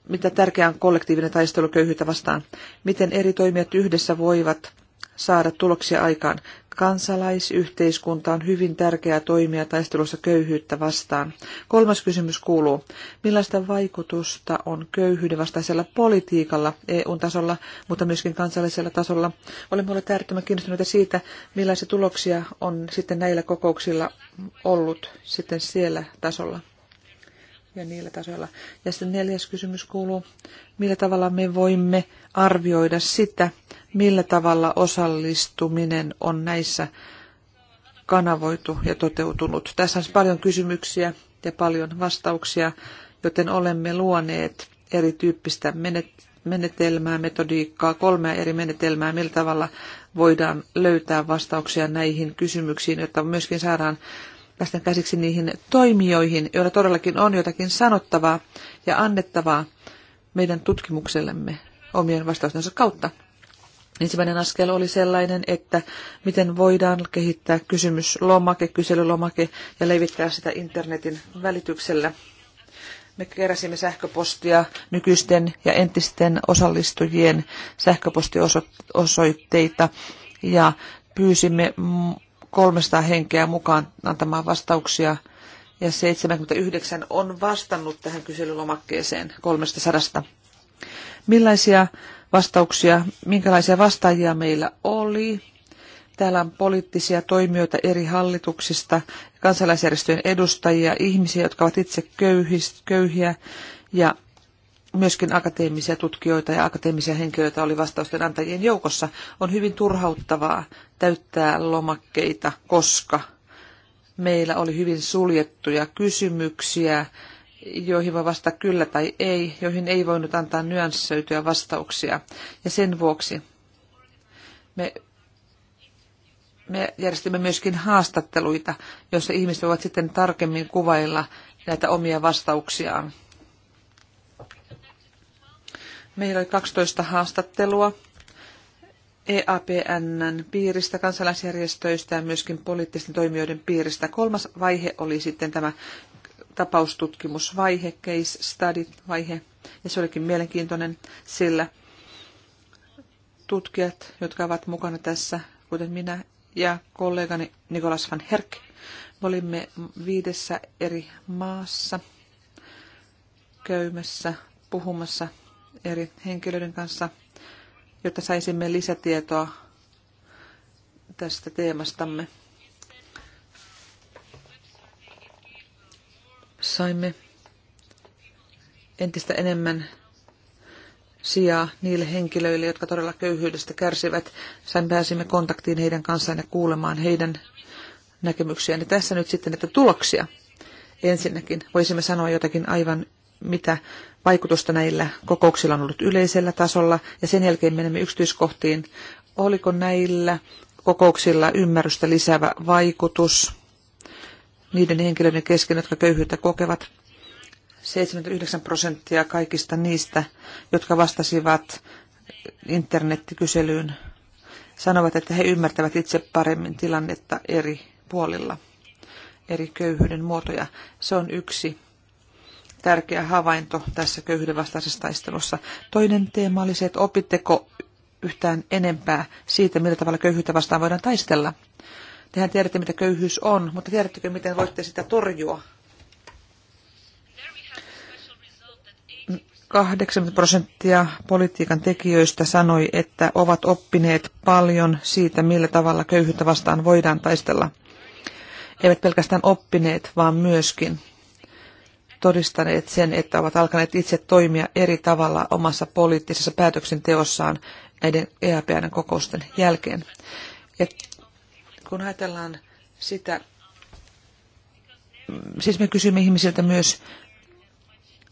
mitä tärkeää on kollektiivinen taistelu köyhyyttä vastaan, miten eri toimijat yhdessä voivat saada tuloksia aikaan. Kansalaisyhteiskunta on hyvin tärkeä toimija taistelussa köyhyyttä vastaan. Kolmas kysymys kuuluu, millaista vaikutusta on köyhyyden vastaisella politiikalla EU-tasolla, mutta myöskin kansallisella tasolla? Olemme olleet äärettömän kiinnostuneita siitä, millaisia tuloksia on sitten näillä kokouksilla ollut sitten siellä tasolla ja niillä tasoilla. Ja sitten neljäs kysymys kuuluu, millä tavalla me voimme arvioida sitä, millä tavalla osallistuminen on näissä kanavoitu ja toteutunut. Tässä on siis paljon kysymyksiä ja paljon vastauksia, joten olemme luoneet erityyppistä menetelmää, metodiikkaa, kolmea eri menetelmää, millä tavalla voidaan löytää vastauksia näihin kysymyksiin, jotta myöskin saadaan päästä käsiksi niihin toimijoihin, joilla todellakin on jotakin sanottavaa ja annettavaa meidän tutkimuksellemme omien vastaustensa kautta. Ensimmäinen askel oli sellainen, että miten voidaan kehittää kysymyslomake kyselylomake ja levittää sitä internetin välityksellä. Me keräsimme sähköpostia nykyisten ja entisten osallistujien sähköpostiosoitteita ja pyysimme 300 henkeä mukaan antamaan vastauksia ja 79 on vastannut tähän kyselylomakkeeseen 300. Millaisia vastauksia, minkälaisia vastaajia meillä oli. Täällä on poliittisia toimijoita eri hallituksista, kansalaisjärjestöjen edustajia, ihmisiä, jotka ovat itse köyhiä ja myöskin akateemisia tutkijoita ja akateemisia henkilöitä oli vastausten antajien joukossa. On hyvin turhauttavaa täyttää lomakkeita, koska meillä oli hyvin suljettuja kysymyksiä joihin voi vastata kyllä tai ei, joihin ei voinut antaa nyanssöityjä vastauksia. Ja sen vuoksi me, me järjestimme myöskin haastatteluita, joissa ihmiset voivat sitten tarkemmin kuvailla näitä omia vastauksiaan. Meillä oli 12 haastattelua EAPNn piiristä, kansalaisjärjestöistä ja myöskin poliittisten toimijoiden piiristä. Kolmas vaihe oli sitten tämä tapaustutkimusvaihe, case study vaihe, ja se olikin mielenkiintoinen, sillä tutkijat, jotka ovat mukana tässä, kuten minä ja kollegani Nikolas van Herk, me olimme viidessä eri maassa käymässä puhumassa eri henkilöiden kanssa, jotta saisimme lisätietoa tästä teemastamme. saimme entistä enemmän sijaa niille henkilöille, jotka todella köyhyydestä kärsivät. Saimme pääsimme kontaktiin heidän kanssaan ja kuulemaan heidän näkemyksiään. Ja tässä nyt sitten näitä tuloksia. Ensinnäkin voisimme sanoa jotakin aivan mitä vaikutusta näillä kokouksilla on ollut yleisellä tasolla, ja sen jälkeen menemme yksityiskohtiin. Oliko näillä kokouksilla ymmärrystä lisäävä vaikutus niiden henkilöiden kesken, jotka köyhyyttä kokevat. 79 prosenttia kaikista niistä, jotka vastasivat internettikyselyyn, sanovat, että he ymmärtävät itse paremmin tilannetta eri puolilla, eri köyhyyden muotoja. Se on yksi tärkeä havainto tässä köyhyyden vastaisessa taistelussa. Toinen teema oli se, että opitteko yhtään enempää siitä, millä tavalla köyhyyttä vastaan voidaan taistella – Tehän tiedätte, mitä köyhyys on, mutta tiedättekö, miten voitte sitä torjua? 80 prosenttia politiikan tekijöistä sanoi, että ovat oppineet paljon siitä, millä tavalla köyhyyttä vastaan voidaan taistella. Eivät pelkästään oppineet, vaan myöskin todistaneet sen, että ovat alkaneet itse toimia eri tavalla omassa poliittisessa päätöksenteossaan näiden EAPN kokousten jälkeen. Ja kun ajatellaan sitä, siis me kysymme ihmisiltä myös,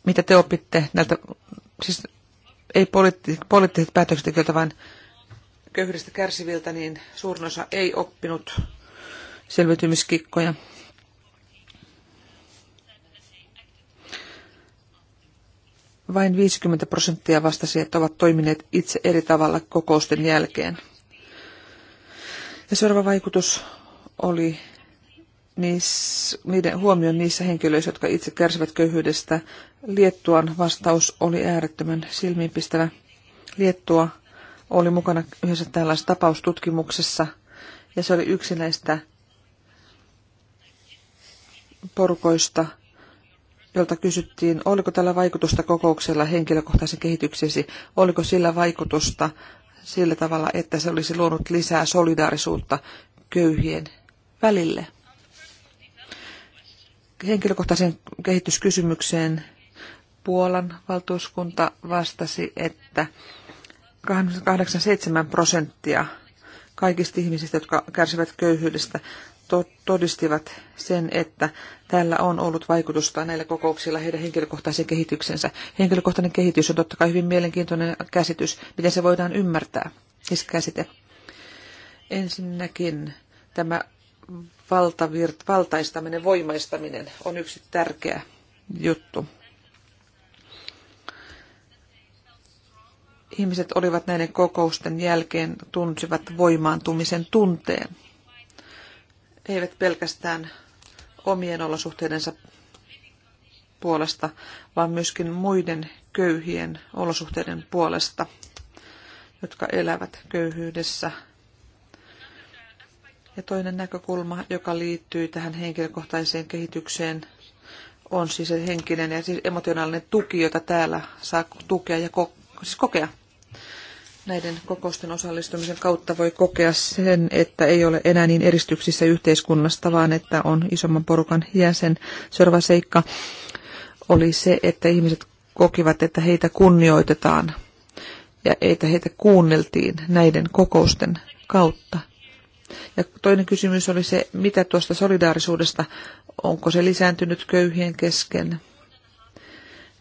mitä te opitte näiltä, siis ei poliitti, poliittiset päätöksentekijöiltä, vaan köyhyydestä kärsiviltä, niin suurin osa ei oppinut selviytymiskikkoja. Vain 50 prosenttia vastasi, että ovat toimineet itse eri tavalla kokousten jälkeen. Ja seuraava vaikutus oli niiden huomioon niissä henkilöissä, jotka itse kärsivät köyhyydestä. Liettuan vastaus oli äärettömän silmiinpistävä. Liettua oli mukana yhdessä tällaisessa tapaustutkimuksessa ja se oli yksi näistä porukoista, jolta kysyttiin, oliko tällä vaikutusta kokouksella henkilökohtaisen kehityksesi, oliko sillä vaikutusta sillä tavalla, että se olisi luonut lisää solidaarisuutta köyhien välille. Henkilökohtaisen kehityskysymykseen Puolan valtuuskunta vastasi, että 87 prosenttia kaikista ihmisistä, jotka kärsivät köyhyydestä, todistivat sen, että tällä on ollut vaikutusta näillä kokouksilla heidän henkilökohtaisen kehityksensä. Henkilökohtainen kehitys on totta kai hyvin mielenkiintoinen käsitys, miten se voidaan ymmärtää, siis käsite. Ensinnäkin tämä valtavirt, valtaistaminen, voimaistaminen on yksi tärkeä juttu. Ihmiset olivat näiden kokousten jälkeen tunsivat voimaantumisen tunteen eivät pelkästään omien olosuhteidensa puolesta, vaan myöskin muiden köyhien olosuhteiden puolesta, jotka elävät köyhyydessä. Ja toinen näkökulma, joka liittyy tähän henkilökohtaiseen kehitykseen, on siis se henkinen ja siis emotionaalinen tuki, jota täällä saa tukea ja ko- siis kokea näiden kokousten osallistumisen kautta voi kokea sen, että ei ole enää niin eristyksissä yhteiskunnasta, vaan että on isomman porukan jäsen. Seuraava seikka oli se, että ihmiset kokivat, että heitä kunnioitetaan ja että heitä kuunneltiin näiden kokousten kautta. Ja toinen kysymys oli se, mitä tuosta solidaarisuudesta, onko se lisääntynyt köyhien kesken?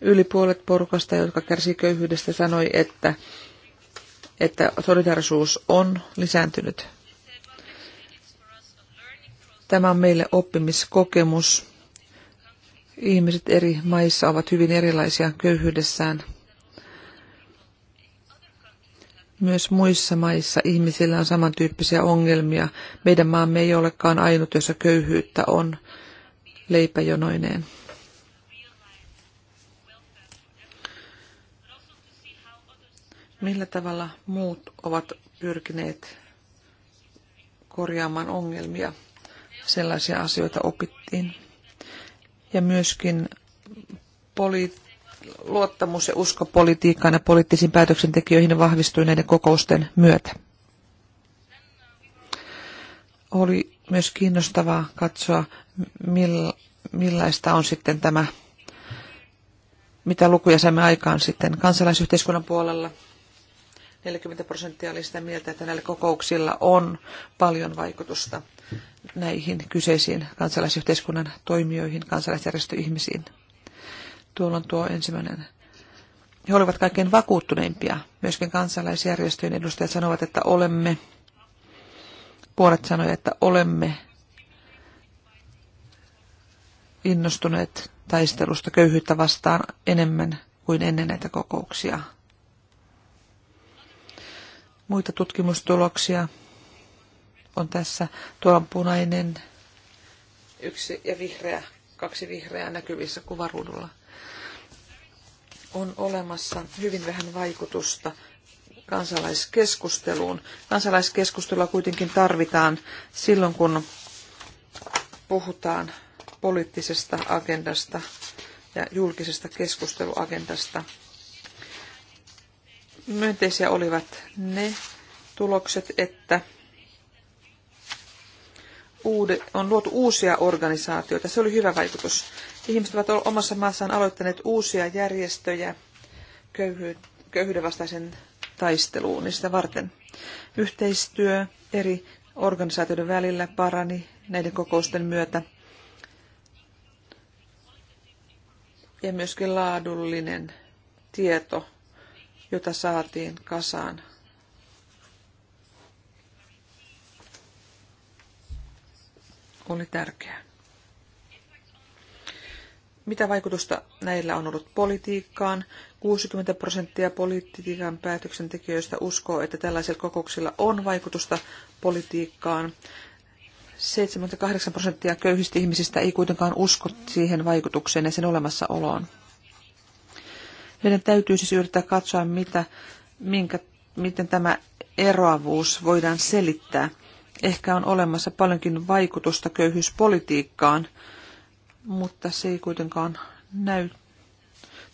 Yli puolet porukasta, jotka kärsii köyhyydestä, sanoi, että että solidarisuus on lisääntynyt. Tämä on meille oppimiskokemus. Ihmiset eri maissa ovat hyvin erilaisia köyhyydessään. Myös muissa maissa ihmisillä on samantyyppisiä ongelmia. Meidän maamme ei olekaan ainut, jossa köyhyyttä on leipäjonoineen. millä tavalla muut ovat pyrkineet korjaamaan ongelmia. Sellaisia asioita opittiin. Ja myöskin poli- luottamus ja usko politiikkaan ja poliittisiin päätöksentekijöihin vahvistui näiden kokousten myötä. Oli myös kiinnostavaa katsoa, millaista on sitten tämä, mitä lukuja saimme aikaan sitten kansalaisyhteiskunnan puolella – 40 prosenttia oli sitä mieltä, että näillä kokouksilla on paljon vaikutusta näihin kyseisiin kansalaisyhteiskunnan toimijoihin, kansalaisjärjestöihmisiin. Tuolloin tuo ensimmäinen he olivat kaikkein vakuuttuneimpia. Myöskin kansalaisjärjestöjen edustajat sanovat, että olemme, puolet sanoi, että olemme innostuneet taistelusta köyhyyttä vastaan enemmän kuin ennen näitä kokouksia muita tutkimustuloksia on tässä. Tuo on punainen yksi ja vihreä, kaksi vihreää näkyvissä kuvaruudulla. On olemassa hyvin vähän vaikutusta kansalaiskeskusteluun. Kansalaiskeskustelua kuitenkin tarvitaan silloin, kun puhutaan poliittisesta agendasta ja julkisesta keskusteluagendasta – myönteisiä olivat ne tulokset, että uude, on luotu uusia organisaatioita. Se oli hyvä vaikutus. Ihmiset ovat omassa maassaan aloittaneet uusia järjestöjä köyhyyden vastaisen taisteluun niin sitä varten. Yhteistyö eri organisaatioiden välillä parani näiden kokousten myötä. Ja myöskin laadullinen tieto jota saatiin kasaan. oli tärkeää. Mitä vaikutusta näillä on ollut politiikkaan? 60 prosenttia politiikan päätöksentekijöistä uskoo, että tällaisilla kokouksilla on vaikutusta politiikkaan. 78 prosenttia köyhistä ihmisistä ei kuitenkaan usko siihen vaikutukseen ja sen olemassaoloon. Meidän täytyy siis yrittää katsoa, mitä, minkä, miten tämä eroavuus voidaan selittää. Ehkä on olemassa paljonkin vaikutusta köyhyyspolitiikkaan, mutta se ei kuitenkaan näy.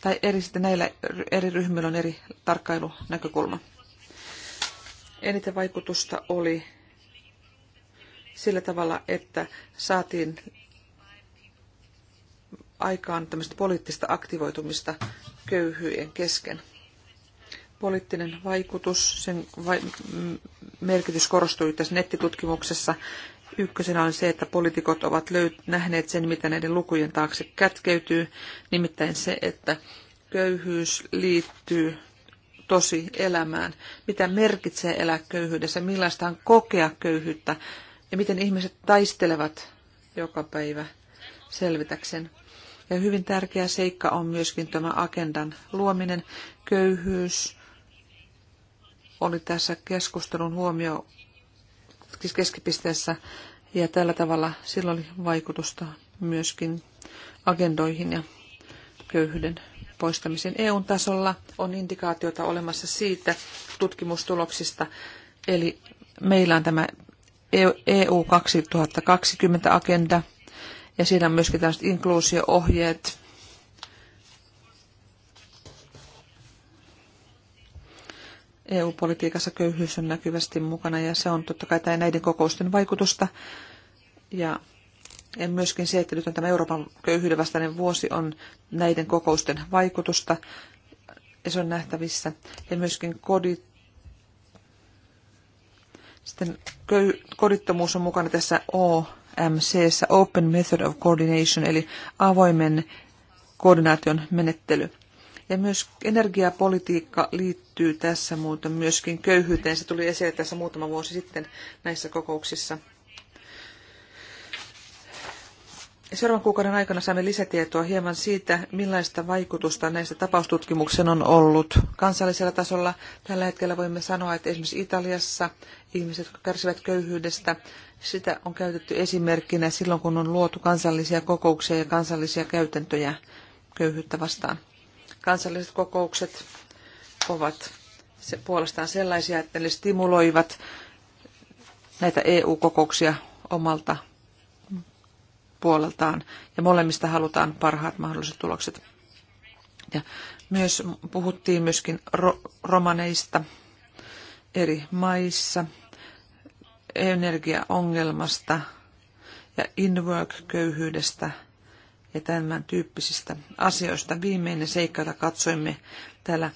Tai eri, sitten näillä eri ryhmillä on eri tarkkailunäkökulma. Eniten vaikutusta oli sillä tavalla, että saatiin aikaan tämmöistä poliittista aktivoitumista köyhyyden kesken. Poliittinen vaikutus, sen vai- merkitys korostui tässä nettitutkimuksessa. Ykkösenä on se, että poliitikot ovat löy- nähneet sen, mitä näiden lukujen taakse kätkeytyy, nimittäin se, että köyhyys liittyy tosi elämään. Mitä merkitsee elää köyhyydessä, millaista on kokea köyhyyttä ja miten ihmiset taistelevat joka päivä selvitäkseen. Ja hyvin tärkeä seikka on myöskin tämä agendan luominen. Köyhyys oli tässä keskustelun huomio siis keskipisteessä ja tällä tavalla sillä oli vaikutusta myöskin agendoihin ja köyhyyden poistamisen EUn tasolla on indikaatiota olemassa siitä tutkimustuloksista. Eli meillä on tämä EU e 2020-agenda, ja siinä on myöskin tällaiset inkluusio-ohjeet. EU-politiikassa köyhyys on näkyvästi mukana ja se on totta kai näiden kokousten vaikutusta. Ja en myöskin se, että nyt on tämä Euroopan köyhyyden vastainen vuosi, on näiden kokousten vaikutusta, ja se on nähtävissä. Ja myöskin kodit, sitten köy, kodittomuus on mukana tässä O OMC, Open Method of Coordination, eli avoimen koordinaation menettely. Ja myös energiapolitiikka liittyy tässä, muuten myöskin köyhyyteen. Se tuli esille tässä muutama vuosi sitten näissä kokouksissa. Seuraavan kuukauden aikana saamme lisätietoa hieman siitä, millaista vaikutusta näistä tapaustutkimuksen on ollut kansallisella tasolla. Tällä hetkellä voimme sanoa, että esimerkiksi Italiassa ihmiset, jotka kärsivät köyhyydestä, sitä on käytetty esimerkkinä silloin, kun on luotu kansallisia kokouksia ja kansallisia käytäntöjä köyhyyttä vastaan. Kansalliset kokoukset ovat se puolestaan sellaisia, että ne stimuloivat näitä EU-kokouksia omalta puoleltaan ja molemmista halutaan parhaat mahdolliset tulokset. Ja myös puhuttiin myöskin ro- romaneista eri maissa, energiaongelmasta ja in-work-köyhyydestä ja tämän tyyppisistä asioista. Viimeinen seikka, jota katsoimme täällä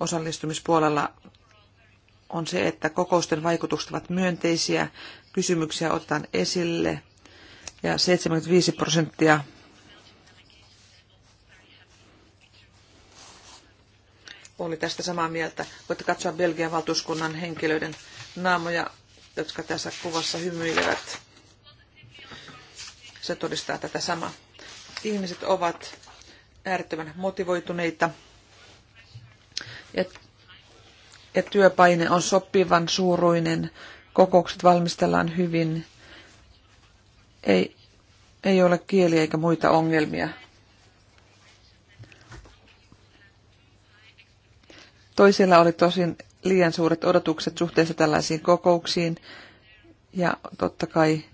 osallistumispuolella, on se, että kokousten vaikutukset ovat myönteisiä, kysymyksiä otetaan esille – ja 75 prosenttia oli tästä samaa mieltä. Voitte katsoa Belgian valtuuskunnan henkilöiden naamoja, jotka tässä kuvassa hymyilevät. Se todistaa tätä samaa. Ihmiset ovat äärettömän motivoituneita ja, ja työpaine on sopivan suuruinen. Kokoukset valmistellaan hyvin. Ei ei ole kieli eikä muita ongelmia. Toisilla oli tosin liian suuret odotukset suhteessa tällaisiin kokouksiin, ja totta kai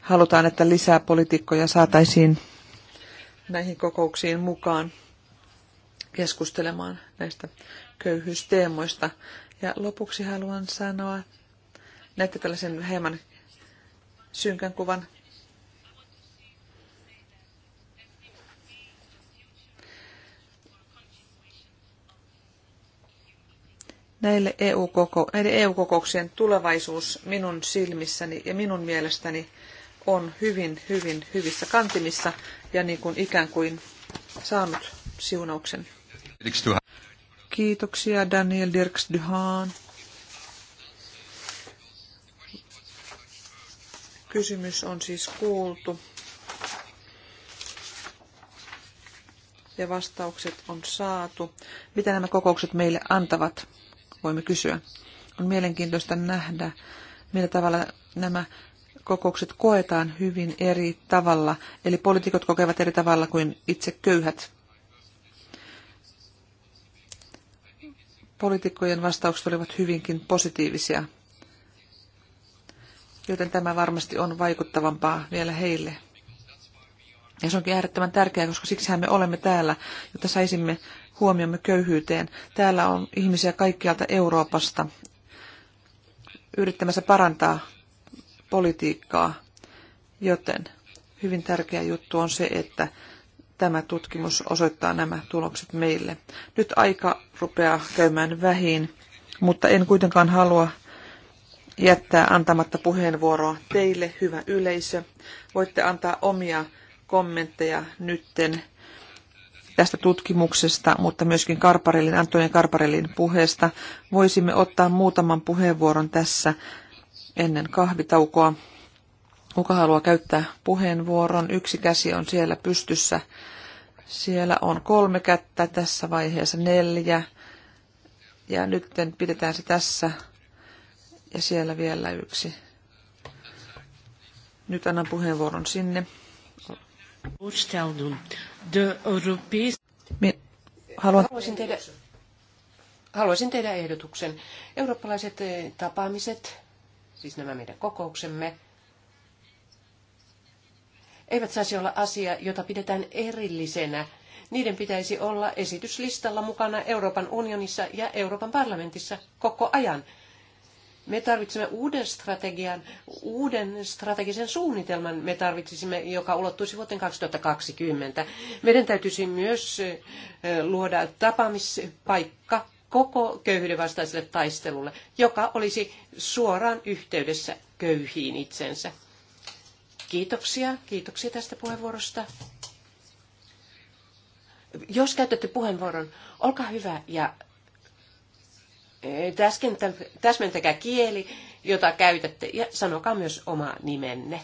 halutaan, että lisää poliitikkoja saataisiin näihin kokouksiin mukaan keskustelemaan näistä köyhyysteemoista. Ja lopuksi haluan sanoa, näette tällaisen hieman synkän kuvan Näille EU-koko, näiden EU-kokouksien tulevaisuus minun silmissäni ja minun mielestäni on hyvin, hyvin hyvissä kantimissa ja niin kuin ikään kuin saanut siunauksen. Kiitoksia Daniel Dirks Duhan. Kysymys on siis kuultu. Ja vastaukset on saatu. Mitä nämä kokoukset meille antavat? voimme kysyä. On mielenkiintoista nähdä, millä tavalla nämä kokoukset koetaan hyvin eri tavalla, eli poliitikot kokevat eri tavalla kuin itse köyhät. Poliitikkojen vastaukset olivat hyvinkin positiivisia, joten tämä varmasti on vaikuttavampaa vielä heille. Ja se onkin äärettömän tärkeää, koska siksihän me olemme täällä, jotta saisimme huomiomme köyhyyteen. Täällä on ihmisiä kaikkialta Euroopasta yrittämässä parantaa politiikkaa, joten hyvin tärkeä juttu on se, että tämä tutkimus osoittaa nämä tulokset meille. Nyt aika rupeaa käymään vähin, mutta en kuitenkaan halua jättää antamatta puheenvuoroa teille, hyvä yleisö. Voitte antaa omia kommentteja nytten tästä tutkimuksesta, mutta myöskin Karparelin, Antonin Karparelin puheesta. Voisimme ottaa muutaman puheenvuoron tässä ennen kahvitaukoa. Kuka haluaa käyttää puheenvuoron? Yksi käsi on siellä pystyssä. Siellä on kolme kättä, tässä vaiheessa neljä. Ja nyt pidetään se tässä. Ja siellä vielä yksi. Nyt annan puheenvuoron sinne. Haluan... Haluaisin tehdä, haluaisin tehdä ehdotuksen. Eurooppalaiset eh, tapaamiset, siis nämä meidän kokouksemme, eivät saisi olla asia, jota pidetään erillisenä. Niiden pitäisi olla esityslistalla mukana Euroopan unionissa ja Euroopan parlamentissa koko ajan – me tarvitsemme uuden strategian, uuden strategisen suunnitelman me tarvitsisimme, joka ulottuisi vuoteen 2020. Meidän täytyisi myös luoda tapaamispaikka koko köyhyyden vastaiselle taistelulle, joka olisi suoraan yhteydessä köyhiin itsensä. Kiitoksia, kiitoksia tästä puheenvuorosta. Jos käytätte puheenvuoron, olkaa hyvä ja täsmentäkää kieli, jota käytätte ja sanokaa myös oma nimenne.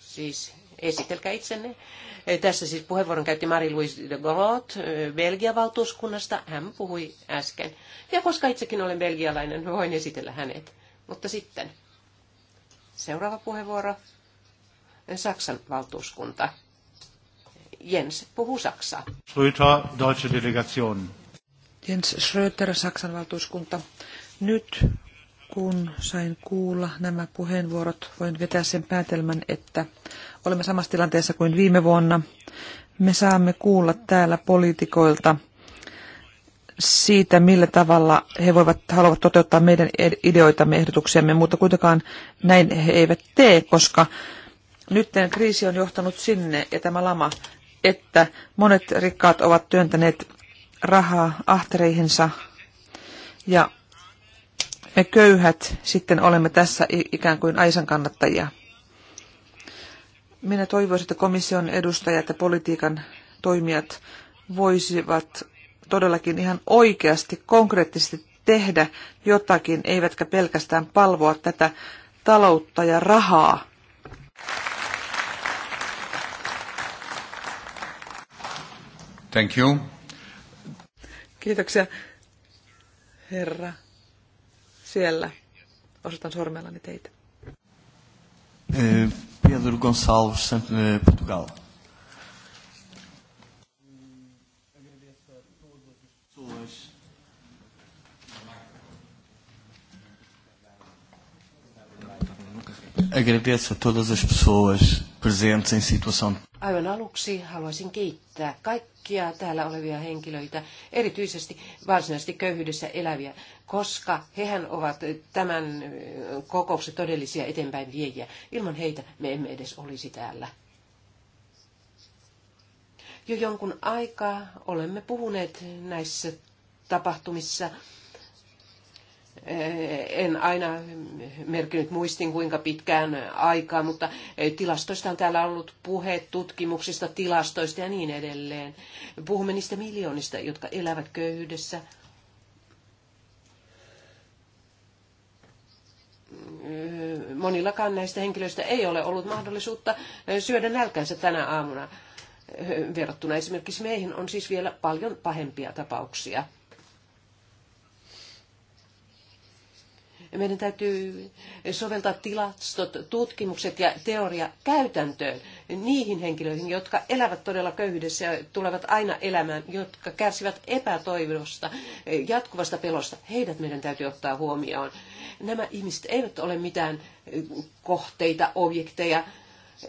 Siis esitelkää itsenne. Tässä siis puheenvuoron käytti Marie-Louise de Grot, Belgian valtuuskunnasta. Hän puhui äsken. Ja koska itsekin olen belgialainen, voin esitellä hänet. Mutta sitten seuraava puheenvuoro. Saksan valtuuskunta. Jens puhuu Saksaa. Schröter, Deutsche Delegation. Jens Schröter, Saksan valtuuskunta. Nyt kun sain kuulla nämä puheenvuorot, voin vetää sen päätelmän, että olemme samassa tilanteessa kuin viime vuonna. Me saamme kuulla täällä poliitikoilta siitä, millä tavalla he voivat, haluavat toteuttaa meidän ideoitamme, ehdotuksiamme, mutta kuitenkaan näin he eivät tee, koska nyt kriisi on johtanut sinne ja tämä lama, että monet rikkaat ovat työntäneet rahaa ahtereihinsa ja me köyhät sitten olemme tässä ikään kuin Aisan kannattajia. Minä toivoisin, että komission edustajat ja politiikan toimijat voisivat todellakin ihan oikeasti, konkreettisesti tehdä jotakin, eivätkä pelkästään palvoa tätä taloutta ja rahaa. Thank you. Kiitoksia, herra. Siellä. Osoitan sormellani teitä. Eh, Pedro Gonçalves, eh, Portugal. Agradeço a todas as pessoas presentes em situação. Aivan aluksi haluaisin kiittää kaikkia täällä olevia henkilöitä, erityisesti varsinaisesti köyhyydessä eläviä, koska hehän ovat tämän kokouksen todellisia eteenpäin viejiä. Ilman heitä me emme edes olisi täällä. Jo jonkun aikaa olemme puhuneet näissä tapahtumissa Eh, en aina merkinnyt muistin kuinka pitkään aikaa, mutta eh, tilastoista on täällä ollut puhe, tutkimuksista, tilastoista ja niin edelleen. Puhumme niistä miljoonista, jotka elävät köyhyydessä. Eh, monillakaan näistä henkilöistä ei ole ollut mahdollisuutta syödä nälkänsä tänä aamuna. Verrattuna esimerkiksi meihin on siis vielä paljon pahempia tapauksia. Meidän täytyy soveltaa tilastot, tutkimukset ja teoria käytäntöön niihin henkilöihin, jotka elävät todella köyhyydessä ja tulevat aina elämään, jotka kärsivät epätoivosta, jatkuvasta pelosta. Heidät meidän täytyy ottaa huomioon. Nämä ihmiset eivät ole mitään kohteita, objekteja,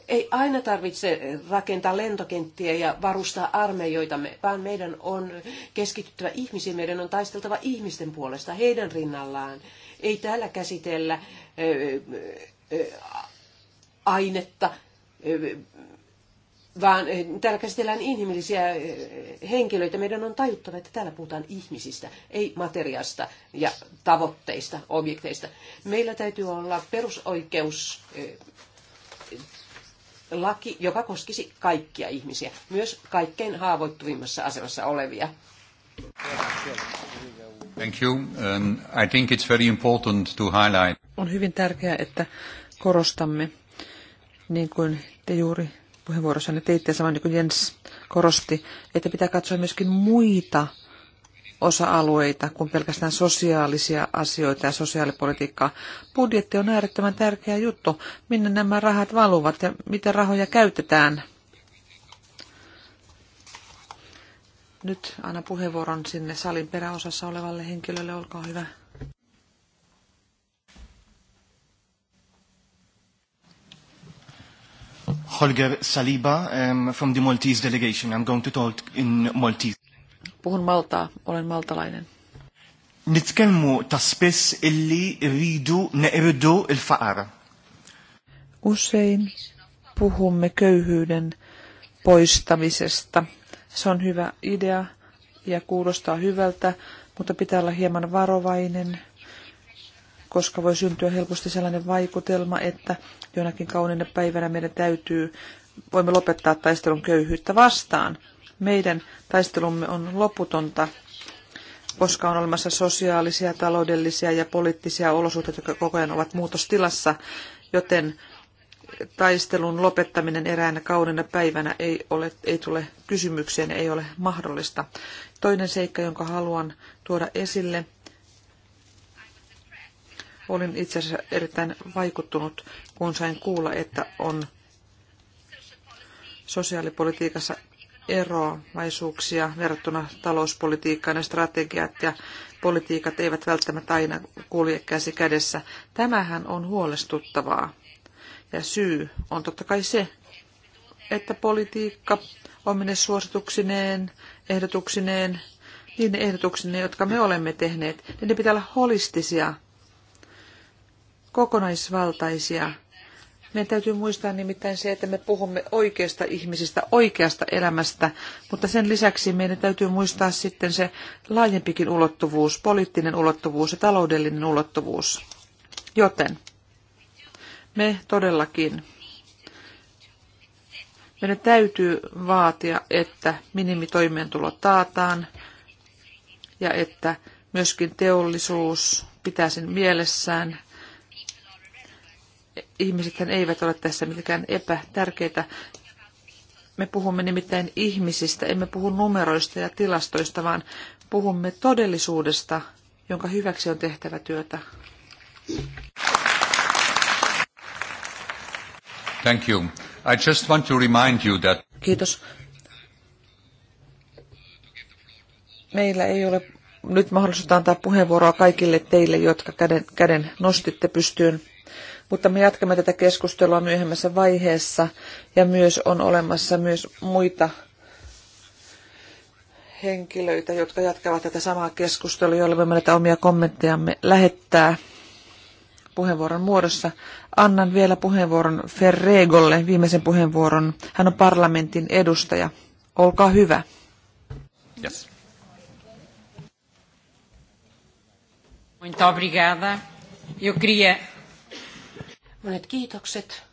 ei aina tarvitse rakentaa lentokenttiä ja varustaa armeijoitamme, vaan meidän on keskityttävä ihmisiin, meidän on taisteltava ihmisten puolesta heidän rinnallaan. Ei täällä käsitellä ainetta, vaan täällä käsitellään inhimillisiä henkilöitä. Meidän on tajuttava, että täällä puhutaan ihmisistä, ei materiasta ja tavoitteista, objekteista. Meillä täytyy olla perusoikeus laki, joka koskisi kaikkia ihmisiä, myös kaikkein haavoittuvimmassa asemassa olevia. Thank you. Um, I think it's very important to highlight. On hyvin tärkeää, että korostamme, niin kuin te juuri puheenvuorossanne teitte, samoin niin kuin Jens korosti, että pitää katsoa myöskin muita osa-alueita kuin pelkästään sosiaalisia asioita ja sosiaalipolitiikkaa. Budjetti on äärettömän tärkeä juttu, minne nämä rahat valuvat ja miten rahoja käytetään Nyt anna puheenvuoron sinne salin peräosassa olevalle henkilölle. Olkaa hyvä. Holger Saliba um, from the Maltese delegation. I'm going to talk in Maltese. Puhun Maltaa. Olen maltalainen. Nitkelmu taspes spiss illi rridu neqridu il Usein puhumme köyhyyden poistamisesta – se on hyvä idea ja kuulostaa hyvältä, mutta pitää olla hieman varovainen, koska voi syntyä helposti sellainen vaikutelma, että jonakin kauniina päivänä meidän täytyy, voimme lopettaa taistelun köyhyyttä vastaan. Meidän taistelumme on loputonta, koska on olemassa sosiaalisia, taloudellisia ja poliittisia olosuhteita, jotka koko ajan ovat muutostilassa, joten taistelun lopettaminen eräänä kauniina päivänä ei, ole, ei tule kysymykseen, ei ole mahdollista. Toinen seikka, jonka haluan tuoda esille, olin itse asiassa erittäin vaikuttunut, kun sain kuulla, että on sosiaalipolitiikassa eroavaisuuksia verrattuna talouspolitiikkaan ja strategiat ja politiikat eivät välttämättä aina kulje käsi kädessä. Tämähän on huolestuttavaa ja syy on totta kai se, että politiikka omine suosituksineen, ehdotuksineen, niiden ehdotuksineen, jotka me olemme tehneet, niin ne pitää olla holistisia, kokonaisvaltaisia. Meidän täytyy muistaa nimittäin se, että me puhumme oikeasta ihmisistä, oikeasta elämästä, mutta sen lisäksi meidän täytyy muistaa sitten se laajempikin ulottuvuus, poliittinen ulottuvuus ja taloudellinen ulottuvuus. Joten me todellakin, meidän täytyy vaatia, että minimitoimeentulo taataan ja että myöskin teollisuus pitää sen mielessään. Ihmiset eivät ole tässä mitenkään epätärkeitä. Me puhumme nimittäin ihmisistä, emme puhu numeroista ja tilastoista, vaan puhumme todellisuudesta, jonka hyväksi on tehtävä työtä. Thank you. I just want to remind you that... Kiitos. Meillä ei ole nyt mahdollisuutta antaa puheenvuoroa kaikille teille, jotka käden, käden nostitte pystyyn. Mutta me jatkamme tätä keskustelua myöhemmässä vaiheessa ja myös on olemassa myös muita henkilöitä, jotka jatkavat tätä samaa keskustelua, joille voimme näitä omia kommenttejamme lähettää puheenvuoron muodossa. Annan vielä puheenvuoron Ferregolle, viimeisen puheenvuoron. Hän on parlamentin edustaja. Olkaa hyvä. Yes. Muito obrigada. Eu queria... Monet kiitokset.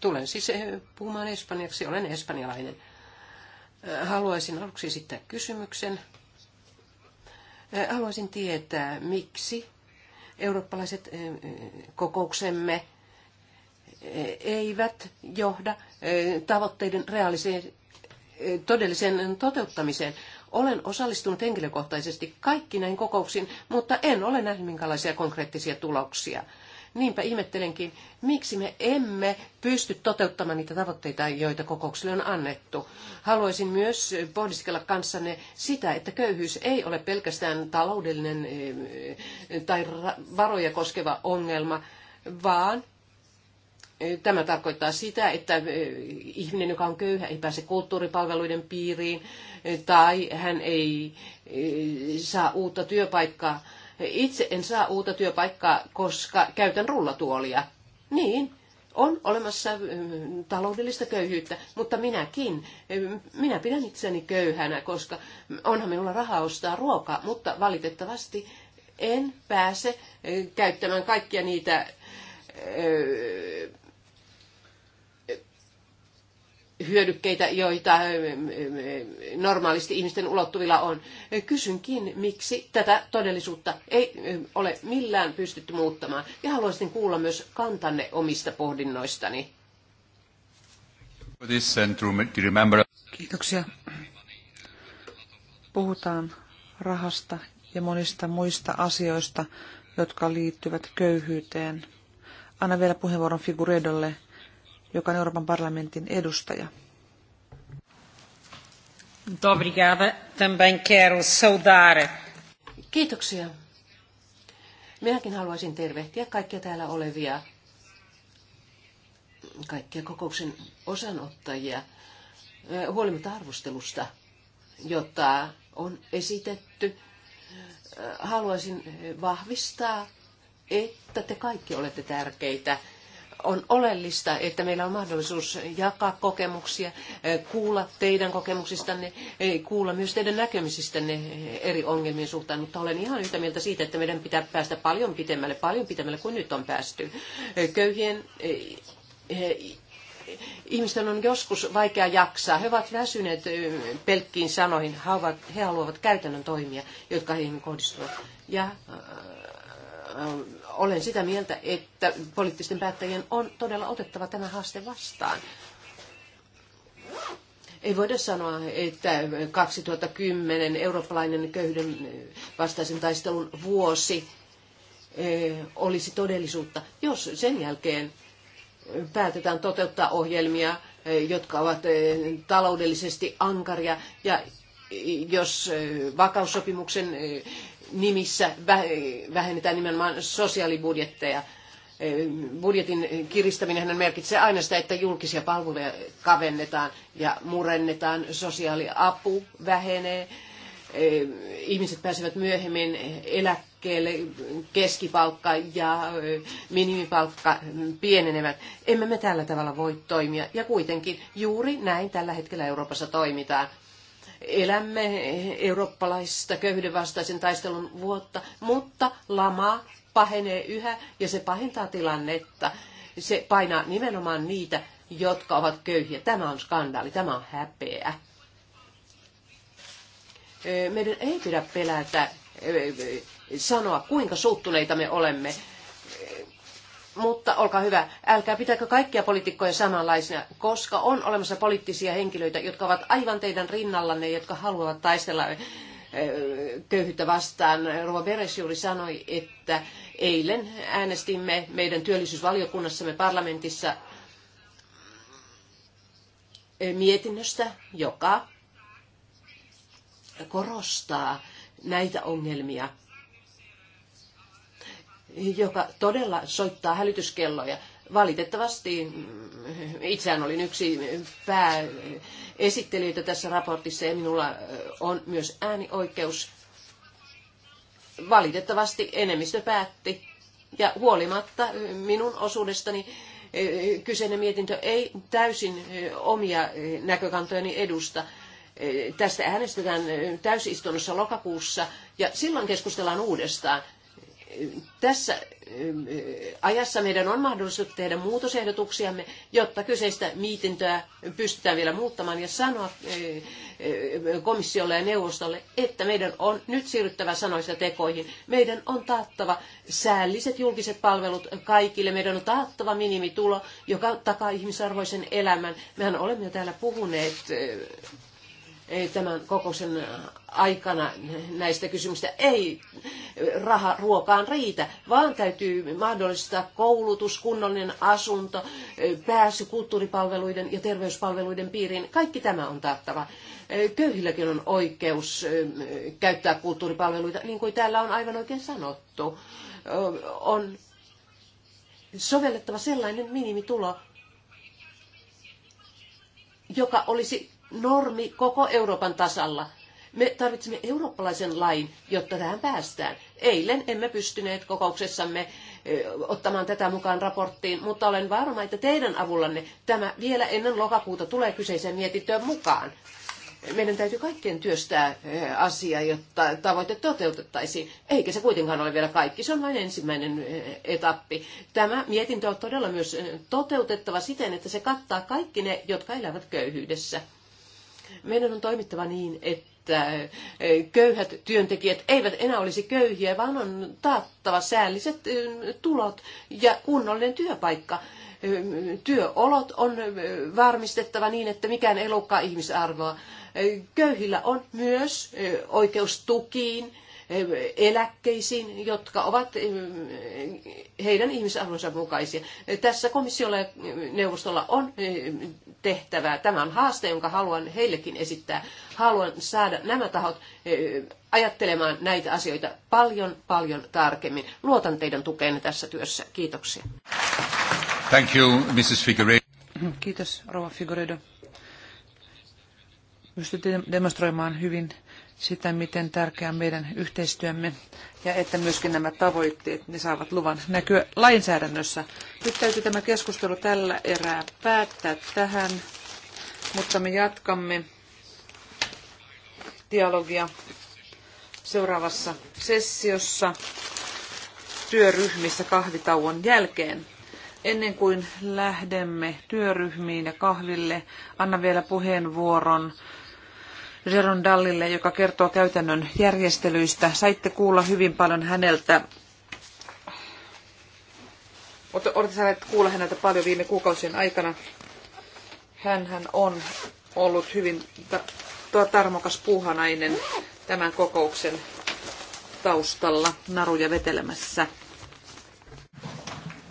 Tulen siis eh, puhumaan espanjaksi, olen espanjalainen. Eh, haluaisin aluksi esittää kysymyksen. Eh, haluaisin tietää, miksi eurooppalaiset kokouksemme eivät johda tavoitteiden reaaliseen todelliseen toteuttamiseen. Olen osallistunut henkilökohtaisesti kaikki näin kokouksiin, mutta en ole nähnyt minkälaisia konkreettisia tuloksia. Niinpä ihmettelenkin, miksi me emme pysty toteuttamaan niitä tavoitteita, joita kokouksille on annettu. Haluaisin myös pohdiskella kanssanne sitä, että köyhyys ei ole pelkästään taloudellinen eh, tai varoja koskeva ongelma, vaan eh, Tämä tarkoittaa sitä, että eh, ihminen, joka on köyhä, ei pääse kulttuuripalveluiden piiriin tai hän ei saa uutta työpaikkaa itse en saa uutta työpaikkaa, koska käytän rullatuolia. Niin, on olemassa mm, taloudellista köyhyyttä, mutta minäkin, mm, minä pidän itseni köyhänä, koska onhan minulla rahaa ostaa ruokaa, mutta valitettavasti en pääse mm, käyttämään kaikkia niitä hyödykkeitä, joita normaalisti ihmisten ulottuvilla on. Kysynkin, miksi tätä todellisuutta ei ole millään pystytty muuttamaan. Ja haluaisin kuulla myös kantanne omista pohdinnoistani. Kiitoksia. Puhutaan rahasta ja monista muista asioista, jotka liittyvät köyhyyteen. Anna vielä puheenvuoron Figuredolle joka on Euroopan parlamentin edustaja. Kiitoksia. Minäkin haluaisin tervehtiä kaikkia täällä olevia, kaikkia kokouksen osanottajia, eh, huolimatta arvostelusta, jota on esitetty. Eh, haluaisin vahvistaa, että te kaikki olette tärkeitä on oleellista, että meillä on mahdollisuus jakaa kokemuksia, eh, kuulla teidän kokemuksistanne, eh, kuulla myös teidän näkemisistänne eh, eri ongelmien suhteen, mutta olen ihan yhtä mieltä siitä, että meidän pitää päästä paljon pitemmälle, paljon pitemmälle kuin nyt on päästy. Köyhien ihmisten on joskus vaikea jaksaa. He ovat väsyneet pelkkiin sanoihin. He, ovat, he haluavat käytännön toimia, jotka heihin kohdistuvat. Ja äh, olen sitä mieltä, että poliittisten päättäjien on todella otettava tämä haaste vastaan. Ei voida sanoa, että 2010 eurooppalainen köyhyyden vastaisen taistelun vuosi e, olisi todellisuutta, jos sen jälkeen päätetään toteuttaa ohjelmia, e, jotka ovat e, taloudellisesti ankaria ja jos vakaussopimuksen nimissä vähennetään nimenomaan sosiaalibudjetteja. E, budjetin kiristäminen merkitsee aina sitä, että julkisia palveluja kavennetaan ja murennetaan, sosiaaliapu vähenee, e, ihmiset pääsevät myöhemmin eläkkeelle, keskipalkka ja e, minimipalkka pienenevät. Emme me tällä tavalla voi toimia. Ja kuitenkin juuri näin tällä hetkellä Euroopassa toimitaan. Elämme eurooppalaista vastaisen taistelun vuotta, mutta lama pahenee yhä ja se pahentaa tilannetta. Se painaa nimenomaan niitä, jotka ovat köyhiä. Tämä on skandaali, tämä on häpeä. Meidän ei pidä pelätä sanoa, kuinka suuttuneita me olemme mutta olkaa hyvä, älkää pitäkö kaikkia poliitikkoja samanlaisina, koska on olemassa poliittisia henkilöitä, jotka ovat aivan teidän rinnallanne, jotka haluavat taistella eh, köyhyyttä vastaan. Rova Beres juuri sanoi, että eilen äänestimme meidän työllisyysvaliokunnassamme parlamentissa eh, mietinnöstä, joka korostaa näitä ongelmia joka todella soittaa hälytyskelloja. Valitettavasti mm, itseään olin yksi pääesittelijöitä tässä raportissa ja minulla on myös äänioikeus. Valitettavasti enemmistö päätti ja huolimatta minun osuudestani kyseinen mietintö ei täysin omia näkökantojani edusta. Tästä äänestetään täysistunnossa lokakuussa ja silloin keskustellaan uudestaan tässä eh, ajassa meidän on mahdollisuus tehdä muutosehdotuksiamme, jotta kyseistä mietintöä pystytään vielä muuttamaan ja sanoa eh, eh, komissiolle ja neuvostolle, että meidän on nyt siirryttävä sanoista tekoihin. Meidän on taattava säälliset julkiset palvelut kaikille. Meidän on taattava minimitulo, joka takaa ihmisarvoisen elämän. Mehän olemme jo täällä puhuneet tämän kokouksen aikana näistä kysymyksistä ei raha ruokaan riitä, vaan täytyy mahdollistaa koulutus, kunnollinen asunto, pääsy kulttuuripalveluiden ja terveyspalveluiden piiriin. Kaikki tämä on taattava. Köyhilläkin on oikeus eh, käyttää kulttuuripalveluita, niin kuin täällä on aivan oikein sanottu. Eh, on sovellettava sellainen minimitulo, joka olisi normi koko Euroopan tasalla. Me tarvitsemme eurooppalaisen lain, jotta tähän päästään. Eilen emme pystyneet kokouksessamme ottamaan tätä mukaan raporttiin, mutta olen varma, että teidän avullanne tämä vielä ennen lokakuuta tulee kyseiseen mietintöön mukaan. Meidän täytyy kaikkien työstää asia, jotta tavoite toteutettaisiin. Eikä se kuitenkaan ole vielä kaikki, se on vain ensimmäinen etappi. Tämä mietintö on todella myös toteutettava siten, että se kattaa kaikki ne, jotka elävät köyhyydessä. Meidän on toimittava niin, että köyhät työntekijät eivät enää olisi köyhiä, vaan on taattava säälliset tulot ja kunnollinen työpaikka. Työolot on varmistettava niin, että mikään ei loukkaa ihmisarvoa. Köyhillä on myös oikeus tukiin, eläkkeisiin, jotka ovat eh, heidän ihmisarvonsa mukaisia. Tässä komissiolla ja neuvostolla on eh, tehtävää. Tämä on haaste, jonka haluan heillekin esittää. Haluan saada nämä tahot eh, ajattelemaan näitä asioita paljon, paljon tarkemmin. Luotan teidän tukeenne tässä työssä. Kiitoksia. Thank you, Mrs. Figueiredo. Kiitos, Rova Figueredo. Pystytte demonstroimaan hyvin sitä, miten tärkeää meidän yhteistyömme ja että myöskin nämä tavoitteet ne saavat luvan näkyä lainsäädännössä. Nyt täytyy tämä keskustelu tällä erää päättää tähän, mutta me jatkamme dialogia seuraavassa sessiossa työryhmissä kahvitauon jälkeen. Ennen kuin lähdemme työryhmiin ja kahville, anna vielä puheenvuoron Jeron Dallille, joka kertoo käytännön järjestelyistä. Saitte kuulla hyvin paljon häneltä. Olette saaneet kuulla häneltä paljon viime kuukausien aikana. hän on ollut hyvin ta- tarmokas puuhanainen tämän kokouksen taustalla naruja vetelemässä.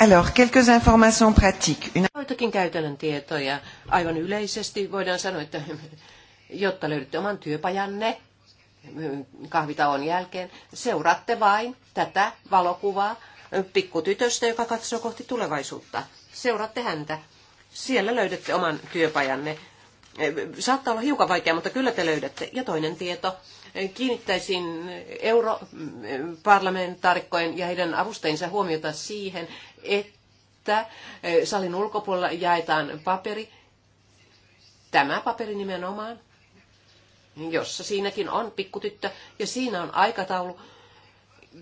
Alors, quelques informations pratiques. Joitakin käytännön tietoja. Aivan yleisesti voidaan sanoa, että jotta löydätte oman työpajanne kahvitauon jälkeen. Seuraatte vain tätä valokuvaa pikkutytöstä, joka katsoo kohti tulevaisuutta. Seuraatte häntä. Siellä löydätte oman työpajanne. Saattaa olla hiukan vaikea, mutta kyllä te löydätte. Ja toinen tieto. Kiinnittäisin europarlamentaarikkojen ja heidän avustajinsa huomiota siihen, että salin ulkopuolella jaetaan paperi. Tämä paperi nimenomaan jossa siinäkin on pikkutyttö, ja siinä on aikataulu,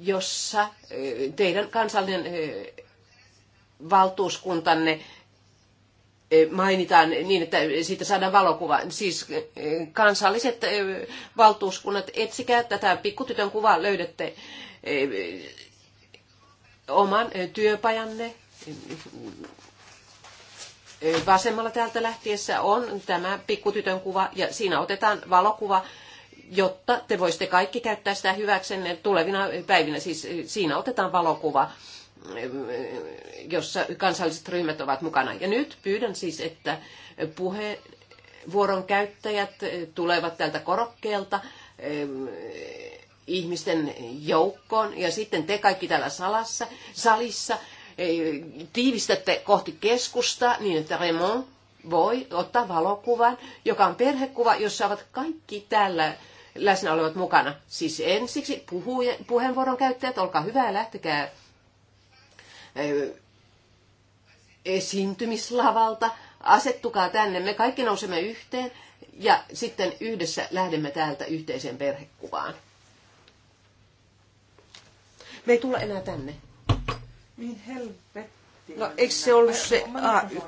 jossa eh, teidän kansallinen eh, valtuuskuntanne eh, mainitaan niin, että siitä saadaan valokuva. Siis kansalliset valtuuskunnat, etsikää tätä pikkutytön kuvaa, löydätte oman työpajanne vasemmalla täältä lähtiessä on tämä pikkutytön kuva ja siinä otetaan valokuva, jotta te voisitte kaikki käyttää sitä hyväksenne tulevina päivinä. Siis siinä otetaan valokuva, jossa kansalliset ryhmät ovat mukana. Ja nyt pyydän siis, että puheenvuoron käyttäjät tulevat tältä korokkeelta ihmisten joukkoon ja sitten te kaikki täällä salassa, salissa tiivistätte kohti keskusta niin, että Raymond voi ottaa valokuvan, joka on perhekuva, jossa ovat kaikki täällä läsnä olevat mukana. Siis ensiksi puhuja, puheenvuoron käyttäjät, olkaa hyvä ja lähtekää esiintymislavalta, asettukaa tänne, me kaikki nousemme yhteen ja sitten yhdessä lähdemme täältä yhteiseen perhekuvaan. Me ei tulla enää tänne. Niin helvetti. No eikö se ollut se A1?